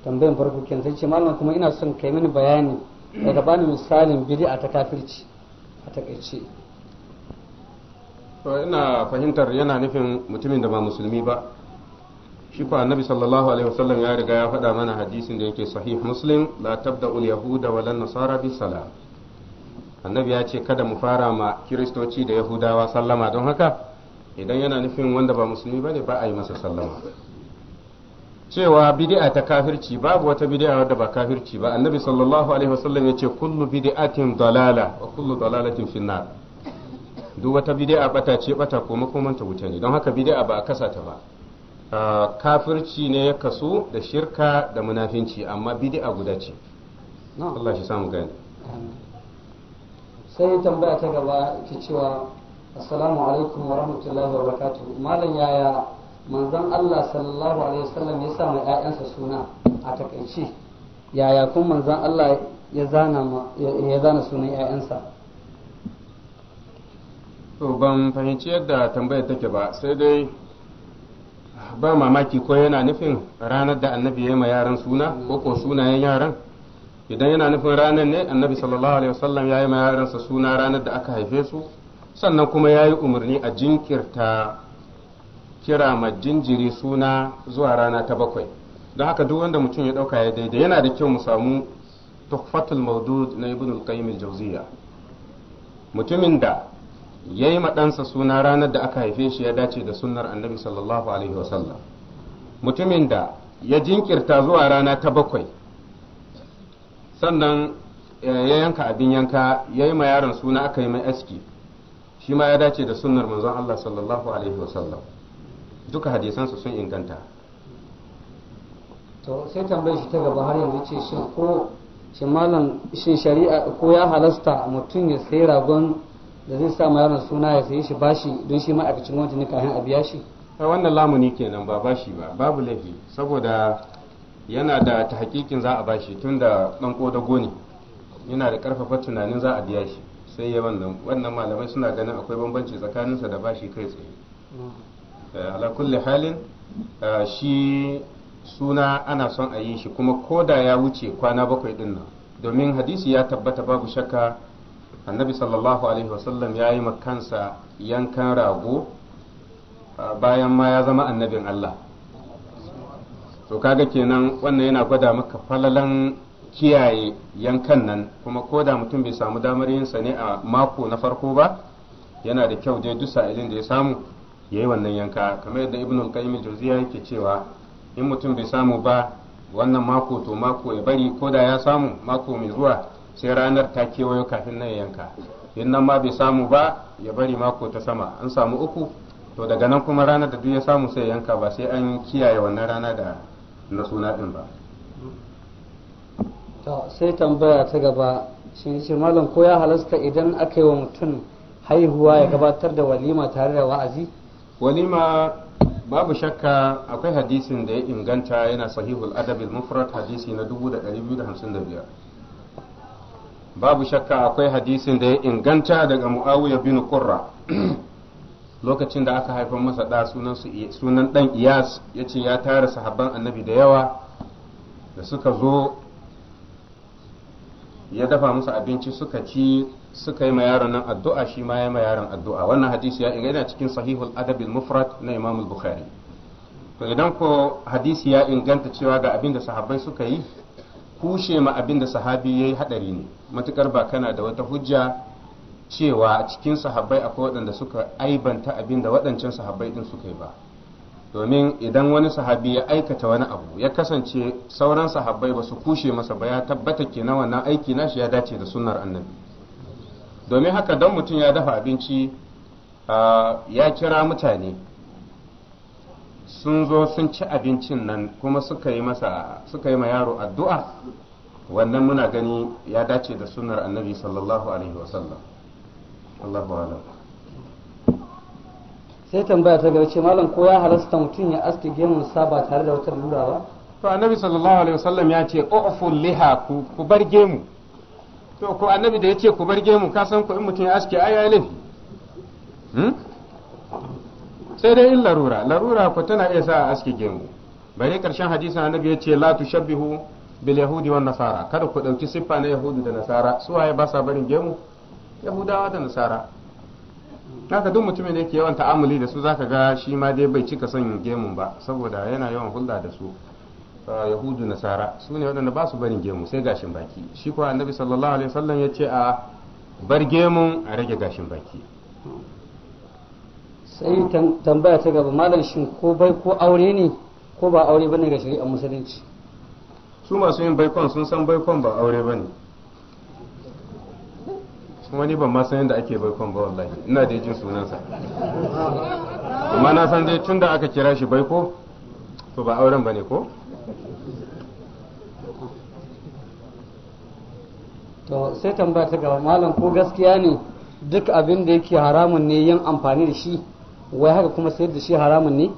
tambayin farko kenan sai ce malam kuma ina son kai mini bayani daga bani misalin a ta kafirci a takaice to ina fahimtar yana nufin mutumin da ba musulmi ba shi ko annabi sallallahu alaihi wasallam ya riga ya faɗa mana hadisin da yake sahih muslim la ul yahuda wala nasara bis salam annabi ya ce kada mu fara ma kiristoci da yahudawa sallama don haka idan yana nufin wanda ba musulmi bane ba a yi masa sallama cewa bid'a ta kafirci babu wata bid'a wadda ba kafirci ba annabi sallallahu alaihi wasallam yace kullu bid'atin dalala wa kullu dalalatin finnar duk wata bid'a bata ce bata ko makomanta wuta ne don haka bid'a ba a kasa ta ba ah, kafirci ne ya kasu da shirka da munafinci amma bid'a guda ce Allah shi samu gani sai tambaya ta gaba ta cewa assalamu alaikum wa rahmatullahi wa barakatuh malam yaya manzon Allah sallallahu alaihi wasallam ya sa ma ƴaƴansa suna a takaice yaya kun manzon Allah ya zana ya zana sunan ƴaƴansa to ban fahimci yadda tambayar take ba sai dai ba mamaki ko yana nufin ranar da annabi ya ma yaran suna ko ko sunayen yaran idan yana nufin ranar ne annabi sallallahu alaihi wasallam ya yi ma yaransa suna ranar da aka haife su sannan kuma ya yi umarni a jinkirta kira ma jinjiri suna zuwa rana ta bakwai don haka duk wanda mutum ya dauka ya daidai yana da kyau mu samu tuhfatul maudud na ibn al-qayyim al-jawziya mutumin da yayi madansa suna ranar da aka haife shi ya dace da sunnar annabi sallallahu alaihi wasallam mutumin da ya jinkirta zuwa rana ta bakwai sannan eh, ya yanka abin yanka ya yi ma yaron suna aka yi mai aski shi ma ya dace da sunnar manzon Allah sallallahu alaihi wasallam duka hadisansu sun inganta to sai tambayar shi ta gaba har yanzu ce shi ko shi malam shin shari'a ko ya halasta mutum ya sayi ragon da zai sa yaran suna ya sayi shi bashi don shi ma'aikacin wancan ne kafin a biya shi a wannan lamuni kenan ba bashi ba babu laifi saboda yana da ta hakikin za a bashi tun da dan kodago ne yana da karfafa tunanin za a biya shi sai ya wannan wannan malamai suna ganin akwai bambanci tsakaninsa da bashi kai tsaye mm. Eh, ala kulli halin eh, shi suna ana son a yi shi kuma koda ya wuce kwana bakwai din nan domin hadisi ya tabbata babu shakka annabi sallallahu alaihi wasallam ya yi kansa yankan rago eh, bayan ma ya zama annabin Allah to kaga kenan wannan yana gwada maka falalan kiyaye yankan nan kuma koda mutum bai samu damar yin sa ne a mako na farko ba yana da kyau dai duk sa'ilin da ya samu ya yi wannan yanka kamar yadda ibnu qayyim ya yake cewa in mutum bai samu ba wannan mako to mako ya bari ko da ya samu mako mai zuwa sai ranar ta kewayo kafin nan ya yanka in nan ma bai samu ba ya bari mako ta sama an samu uku to daga nan kuma ranar da duk ya samu sai yanka ba sai an kiyaye wannan rana da na suna din ba sai tambaya ta gaba shi shi malam ko ya halasta idan aka yi wa mutum haihuwa ya gabatar da walima tare da wa'azi walima babu shakka akwai hadisin da ya inganta yana sahihul adabil mufrad hadisi na 2255 babu shakka akwai hadisin da ya inganta daga muawiya bin qurra lokacin da aka haifar masa da sunan sunan dan iyas yace ya tara sahabban annabi da yawa da suka zo ya dafa musu abinci suka ci suka yi ma yaron nan addu'a shi ma ya ma yaron addu'a wannan hadisi ya inganta yana cikin sahihul adabil mufrad na imam bukhari to idan ko hadisi ya inganta cewa ga abinda sahabai sahabbai suka yi kushe ma abinda sahabi yayi hadari ne matukar ba kana da wata hujja cewa cikin sahabbai akwai waɗanda suka aibanta abinda waɗancan sahabbai din suka yi ba domin idan wani sahabi ya aikata wani abu ya kasance sauran sahabbai ba su kushe masa ba ya tabbata kenan wannan aiki nashi ya dace da sunnar annabi domin haka don mutum ya dafa abinci ya kira mutane sun zo sun ci abincin nan kuma suka yi ma yaro addu'a wannan muna gani ya dace da sunar annabi sallallahu alaihi wasallam Allah alam sai tambaya ta gaba ce malam ko ya halasta mutum ya aske gemun sa ba tare da wata lura ba to annabi sallallahu alaihi wasallam ya ce ufu liha ku bar gemu to ko annabi da yace ku bar gemu ka san ko in mutum ya aske ai ai laifi hmm? sai dai in larura larura ko tana iya sa a aske gemu bare karshen hadisin annabi ya ce la tushabbihu bil yahudi wan nasara kada ku dauki siffa na yahudu da nasara su waye ba sa barin gemu yahudawa da nasara kaka duk mutumin da yake yawan ta'amuli da su zaka ga shi ma dai bai cika son gemun ba saboda yana yawan hulɗa da su Ah, yahudu nasara su ne waɗanda ba su barin gemu sai gashin baki shi kuwa annabi sallallahu alaihi wasallam ya ce a bar gemun a rage gashin baki sai tambaya ta gaba malam shin ko bai ko aure ne ko ba aure bane ga shari'ar musulunci su masu yin baikon sun san baikon ba aure bane kuma ni ban ma san yadda ake baikon ba wallahi ina da jin sunansa amma na san dai da aka kira shi baiko to ba auren ba ko to sai tambaya ta gaba malam ko gaskiya ne duk abin da yake haramun ne yin amfani da shi wai haka kuma sayar da shi haramun ne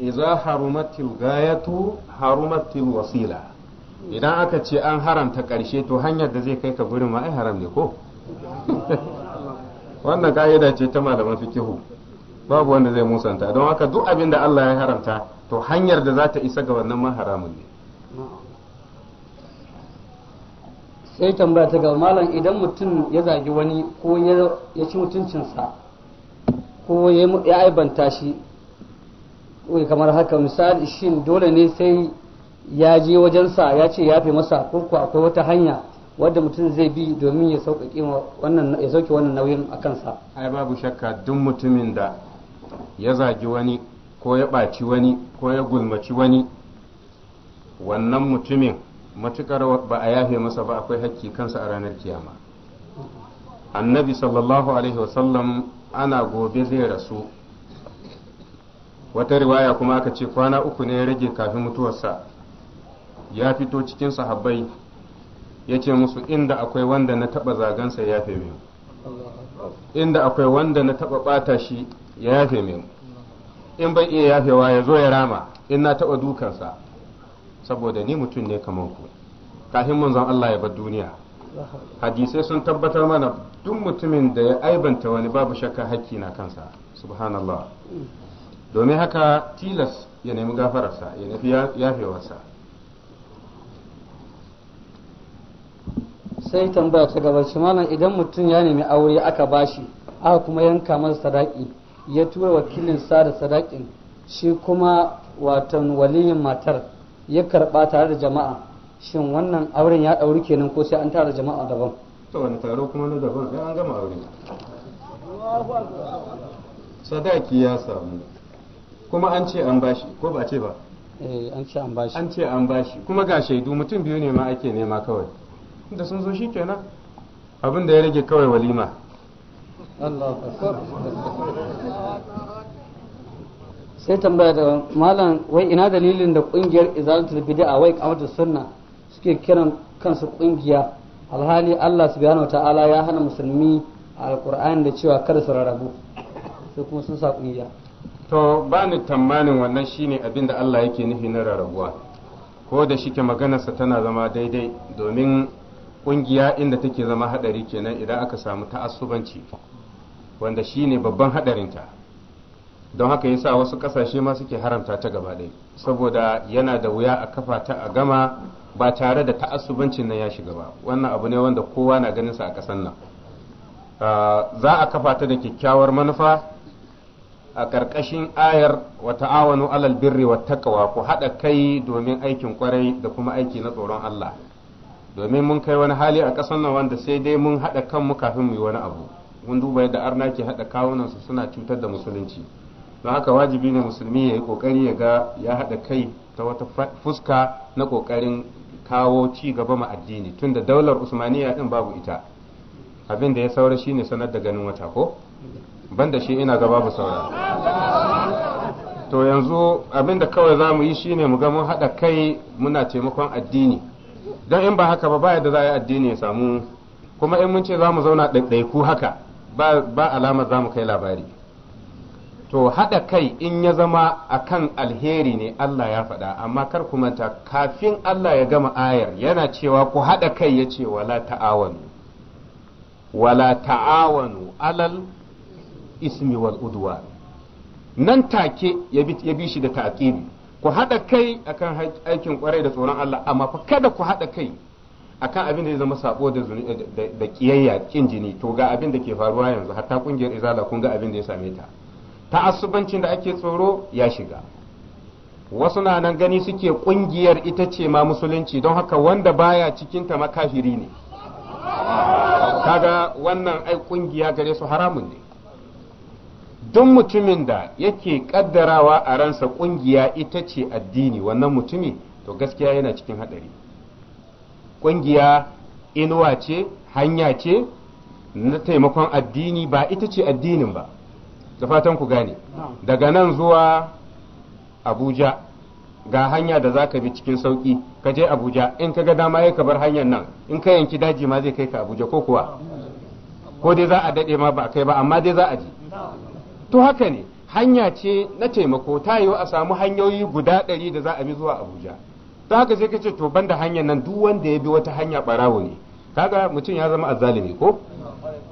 idza harumatil gayatu harumatil wasila idan aka ce an haramta karshe to hanyar da zai kai ka gurin ma ai haram ne ko wannan ka'ida ce ta malaman fikihu babu wanda zai musanta don haka duk abin da Allah ya haramta to hanyar da za ta isa ga wannan ma ne sai tambaya ta gaba malam idan mutum ya zagi wani ko ya ci mutuncinsa ko ya aibanta shi kamar haka misali shin dole ne sai ya je wajensa ya ce ya fi masa ko akwai wata hanya wadda mutum zai bi domin ya sauƙaƙi sauke wannan nauyin a kansa ai babu shakka duk mutumin da ya zagi wani ko ya ɓaci wani ko ya gulmaci wani wannan mutumin matuƙar ba a yafe masa ba akwai hakki kansa a ranar kiyama annabi sallallahu alaihi wasallam ana gobe zai rasu wata riwaya kuma aka ce kwana uku ne ya rage kafin mutuwarsa ya fito cikin sahabbai ya ce musu inda akwai wanda na taɓa zagansa ya fi min inda akwai wanda na taɓa ɓata shi ya fi min in bai iya yafewa ya zo ya rama in na taɓa dukansa saboda ni mutum ne kamar ku kafin zan Allah ya bar duniya hadisai sun tabbatar mana duk mutumin da ya aibanta wani babu shakka hakki na kansa subhanallah domin haka tilas ya nemi gafararsa ya nufi yafewarsa sai tambaya ta gaba shi idan mutum ya nemi aure aka bashi aka kuma yanka masa sadaki ya tura wakilin sa da sadakin shi kuma watan waliyin matar ya karba tare da jama'a shin wannan auren ya ɗauri kenan ko sai an tara jama'a daban to wani taro kuma na daban sai an gama aure sadaki ya samu kuma an ce an bashi ko ba ce ba eh, an ce an bashi an ce an bashi kuma ga shaidu mutum biyu ne ma ake nema kawai da sun zo shi kenan abin da ya rage kawai walima Allah sai tambaya da malam wai ina dalilin da kungiyar izalatul bid'a wai kamata sunna suke kiran kansu kungiya alhali Allah subhanahu ta'ala ya hana musulmi a alqur'ani da cewa kada su rarrabu sai kuma sun sa kungiya to ba ni tamanin wannan shine abin da Allah yake nufi na rarrabuwa ko da shike maganarsa tana zama daidai domin kungiya inda take zama hadari kenan idan aka samu ta'assubanci wanda shi ne babban hadarinta don haka yasa wasu ƙasashe ma suke haramta ta gaba ɗaya saboda yana da wuya a kafa ta a gama ba tare da ta'assubancin nan ya shiga ba wannan abu ne wanda kowa na ganin sa a ƙasar nan ah, za a kafa ta da kyakkyawar manufa a ƙarƙashin ayar wata awanu alal birri wa taqwa ku haɗa kai domin aikin kwarai da kuma aiki na tsoron Allah domin mun kai wani hali a ƙasar nan wanda sai dai mun haɗa kanmu kafin mu yi wani abu mun duba yadda arna ke haɗa kawunansu suna cutar da musulunci don haka wajibi ne musulmi ya yi ƙoƙari ya ga ya hada kai ta wata fuska na kokarin kawo ci gaba ma addini tunda daular usmaniya din babu ita abin da ya saura shine sanar da ganin wata ko banda shi ina ga babu saura to yanzu abin da kawai za mu yi shine mu ga mun haɗa kai muna taimakon addini don in ba haka ba ba da za a yi addini ya samu kuma in mun ce za mu zauna ɗaiɗaiku haka ba alama za mu kai labari to haɗa kai in ya zama akan alheri ne Allah ya faɗa amma kar ku manta kafin Allah ya gama ayar yana cewa ku haɗa kai ya ce wala ta'awanu wala ta'awanu alal ismi wal udwa nan take ya bi shi da ta'qibi ku haɗa kai akan aikin kwarai da tsoron Allah amma fa kada ku haɗa kai akan abin da ya zama sabo da da kiyayya kin jini to ga abin da ke faruwa yanzu hatta kungiyar izala kun ga abin da ya same ta ta ta'assubancin da ake tsoro ya shiga wasu na nan gani suke kungiyar ita ce ma musulunci don haka wanda baya cikin ta makafiri ne kaga wannan ai kungiya gare su haramun ne duk mutumin da yake kaddarawa a ransa kungiya ita ce addini wannan mutumi to gaskiya yana cikin hadari ƙungiya inuwa ce hanya ce na taimakon addini ba ita ce addinin ba da fatan ku gane daga nan zuwa abuja ga hanya da za ka bi cikin sauƙi ka je abuja in ka ga dama ya ka bar hanyar nan in ka yanki daji ma zai kai ka abuja ko kuwa ko dai za a daɗe ma ba kai ba amma dai za a ji to haka ne hanya ce na taimako ta yiwu a samu hanyoyi guda ɗari da za a bi zuwa abuja ta haka sai kace to banda hanyar nan duk wanda ya bi wata hanya barawo ne kaga mutum ya zama azzalimi ko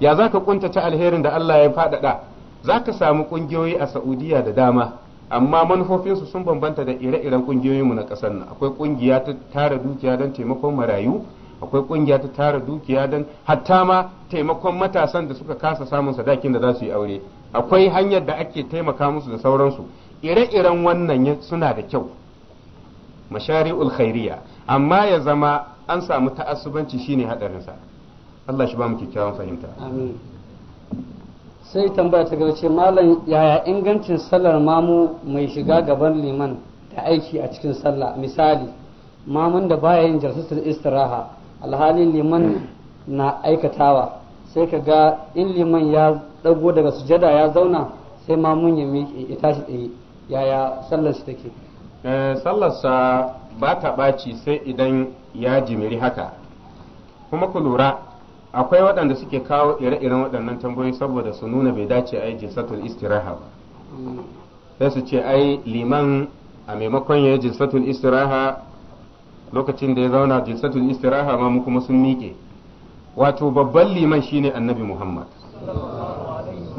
ya zaka kuntata alherin da Allah ya fadada zaka samu kungiyoyi a Saudiya da dama amma manufofinsu sun bambanta da ire-iren kungiyoyin mu na kasar nan akwai kungiya ta tara dukiya don taimakon marayu akwai kungiya ta tara dukiya don hatta ma taimakon matasan da suka kasa samun sadakin da za su yi aure akwai hanyar da ake taimaka musu da sauransu ire-iren wannan suna da kyau mashari'ul khairiyya amma ya zama an samu ta'assubanci shine hadarinsa Allah shi ba mu kyakkyawan fahimta sai tambaya ta gaba ce malam yaya ingancin sallar mamu mai shiga gaban liman da aiki a cikin sallah misali mamun da baya yin jarsatul istiraha alhalin liman na aikatawa sai ka ga in liman ya dago daga sujada ya zauna sai mamun ya miƙe ya tashi tsaye yaya sallar shi take Eh, sallarsa ba ta ɓaci sai idan ya jimiri haka kuma ku lura akwai waɗanda suke kawo ire-iren waɗannan tambayoyi saboda su nuna bai dace a yi jinsatul istiraha ba sai su ce ai liman a maimakon ya yi jinsatul istiraha lokacin da ya zauna jinsatul istiraha ma mu kuma sun miƙe wato babban liman shine annabi muhammad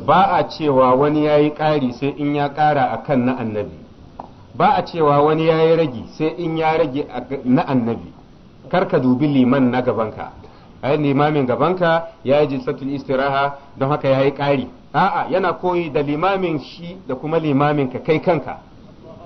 ba a cewa wani ya yi ƙari sai in ya ƙara a kan na annabi ba a cewa wani ya yi ragi sai in ya rage na annabi kar ka dubi liman na gabanka A ai limamin gabanka ya yi jinsatul istiraha don haka ya yi ƙari a'a yana koyi da limamin shi da kuma limamin ka kai kanka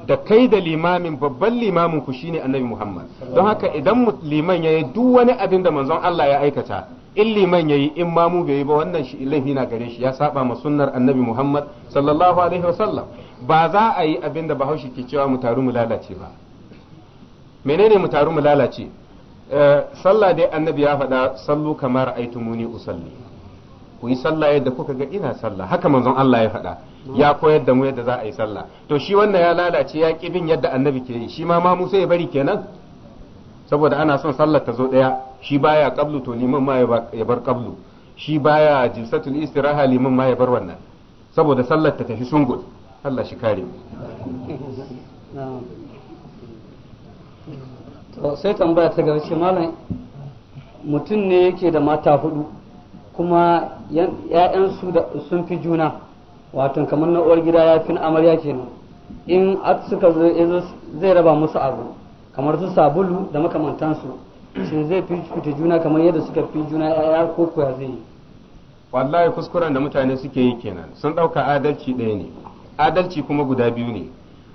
da kai da limamin babban limamin ku shine annabi muhammad don haka idan liman ya yi duk wani abin da manzon allah ya aikata in liman ya yi in mamu bai yi ba wannan shi laifi na gare shi ya saba ma sunnar annabi muhammad sallallahu alaihi wasallam ba za a yi abin da bahaushe ke cewa mu taru mu lalace ba menene mu taru mu lalace eh, sallah dai annabi ya faɗa sallu kamar aitumuni usalli ku yi sallah yadda kuka ga ina sallah haka manzon Allah ya faɗa ya koyar da mu yadda za a yi sallah to shi wannan ya lalace ya ƙi bin yadda annabi ke yi shi ma ma Musa ya bari kenan saboda ana son sallar ta zo ɗaya shi baya qablu to liman ma ya bar qablu shi baya jilsatul istiraha liman ma ya bar wannan saboda sallar ta tafi sungul Allah shi kare sai tambaya ta gaba ce malam mutum ne yake da mata hudu kuma ‘ya'yansu sun fi juna wato kamar na gida ya fi amarya kenan in suka zo zai raba musu abu kamar su sabulu da makamantansu shin zai fi fita juna kamar yadda suka fi juna ya ko kuwa zai yi wallahi kuskuren da mutane suke yi kenan sun ɗauka adalci ɗaya ne adalci kuma guda biyu ne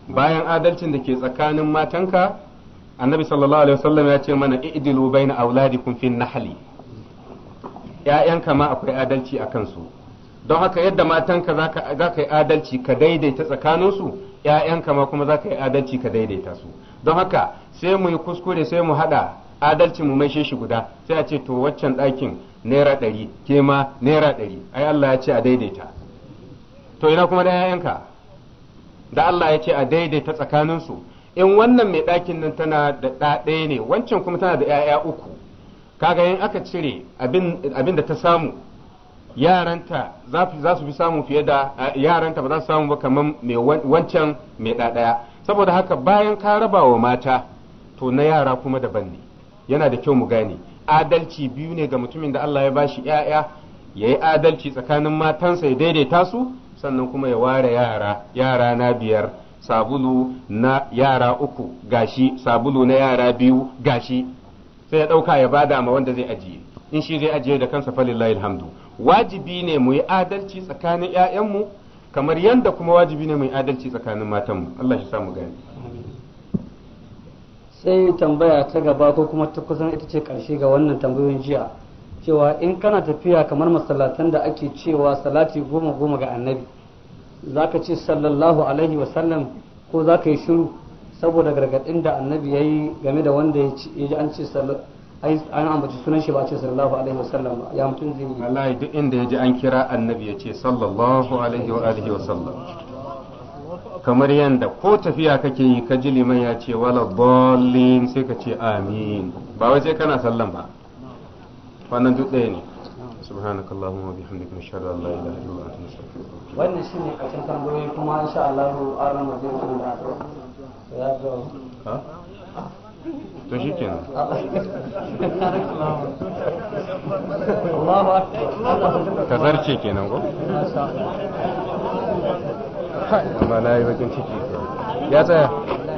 bayan adalcin da ke tsakanin matanka annabi sallallahu alaihi wasallam ya ce mana i'dilu baina auladikum fi nahli ƴaƴanka ma akwai adalci a kansu don haka yadda matanka za ka yi adalci ka daidaita tsakaninsu ‘ya'yanka ma kuma za ka yi adalci ka daidaita su don haka sai mu yi kuskure sai mu haɗa adalci mu maishe shi guda sai a ce to waccan ɗakin naira ɗari ke ma naira ɗari ai Allah ya ce a daidaita to ina kuma da ‘ya'yanka da Allah ya ce a daidaita tsakaninsu in wannan mai ɗakin nan tana da ɗa ne wancan kuma tana da ‘ya'ya uku kaga yin aka cire abin da ta samu yaranta za su fi samu fiye da yaranta ba za su samu ba kamar wancan mai ɗaɗaya saboda haka bayan ka raba wa mata to na yara kuma daban ne yana da kyau mu gane adalci biyu ne ga mutumin da Allah ya bashi ‘ya'ya ya yi adalci tsakanin matansa ya daidaita su sannan kuma ya ware yara yara na biyar sabulu na yara uku gashi sabulu na yara biyu gashi sai ya ɗauka ya bada ma wanda zai ajiye in shi zai ajiye da kansa falillahi alhamdu wajibi ne mu yi adalci tsakanin 'ya'yanmu kamar yadda kuma wajibi ne mu yi adalci tsakanin matanmu Allah ya sa mu gani sai tambaya ta gaba ko kuma ta kusan ita ce karshe ga wannan tambayoyin jiya cewa in kana tafiya kamar masallatan da ake cewa salati goma goma ga annabi za ka ce sallallahu alaihi wasallam ko za ka yi shiru saboda gargaɗin da annabi ya yi game da wanda ya ji an ce an ambaci sunan shi ba ce sallallahu alaihi wasallam ba ya mutum zai yi alayi duk inda ya ji an kira annabi ya ce sallallahu alaihi wa alihi wasallam kamar yadda ko tafiya kake yi ka ji liman ya ce wala dallin sai ka ce amin ba wai sai kana sallan ba wannan duk ɗaya ne subhanaka allahumma wa bihamdika nashhadu an la ilaha illa anta nastaghfiruka wannan shine karshen tambayoyi kuma insha Allah Allah mu zai kuma da ya ga ha to shikenan Allahu akbar ka zarce kenan ko amma na yi bakin ciki ya tsaya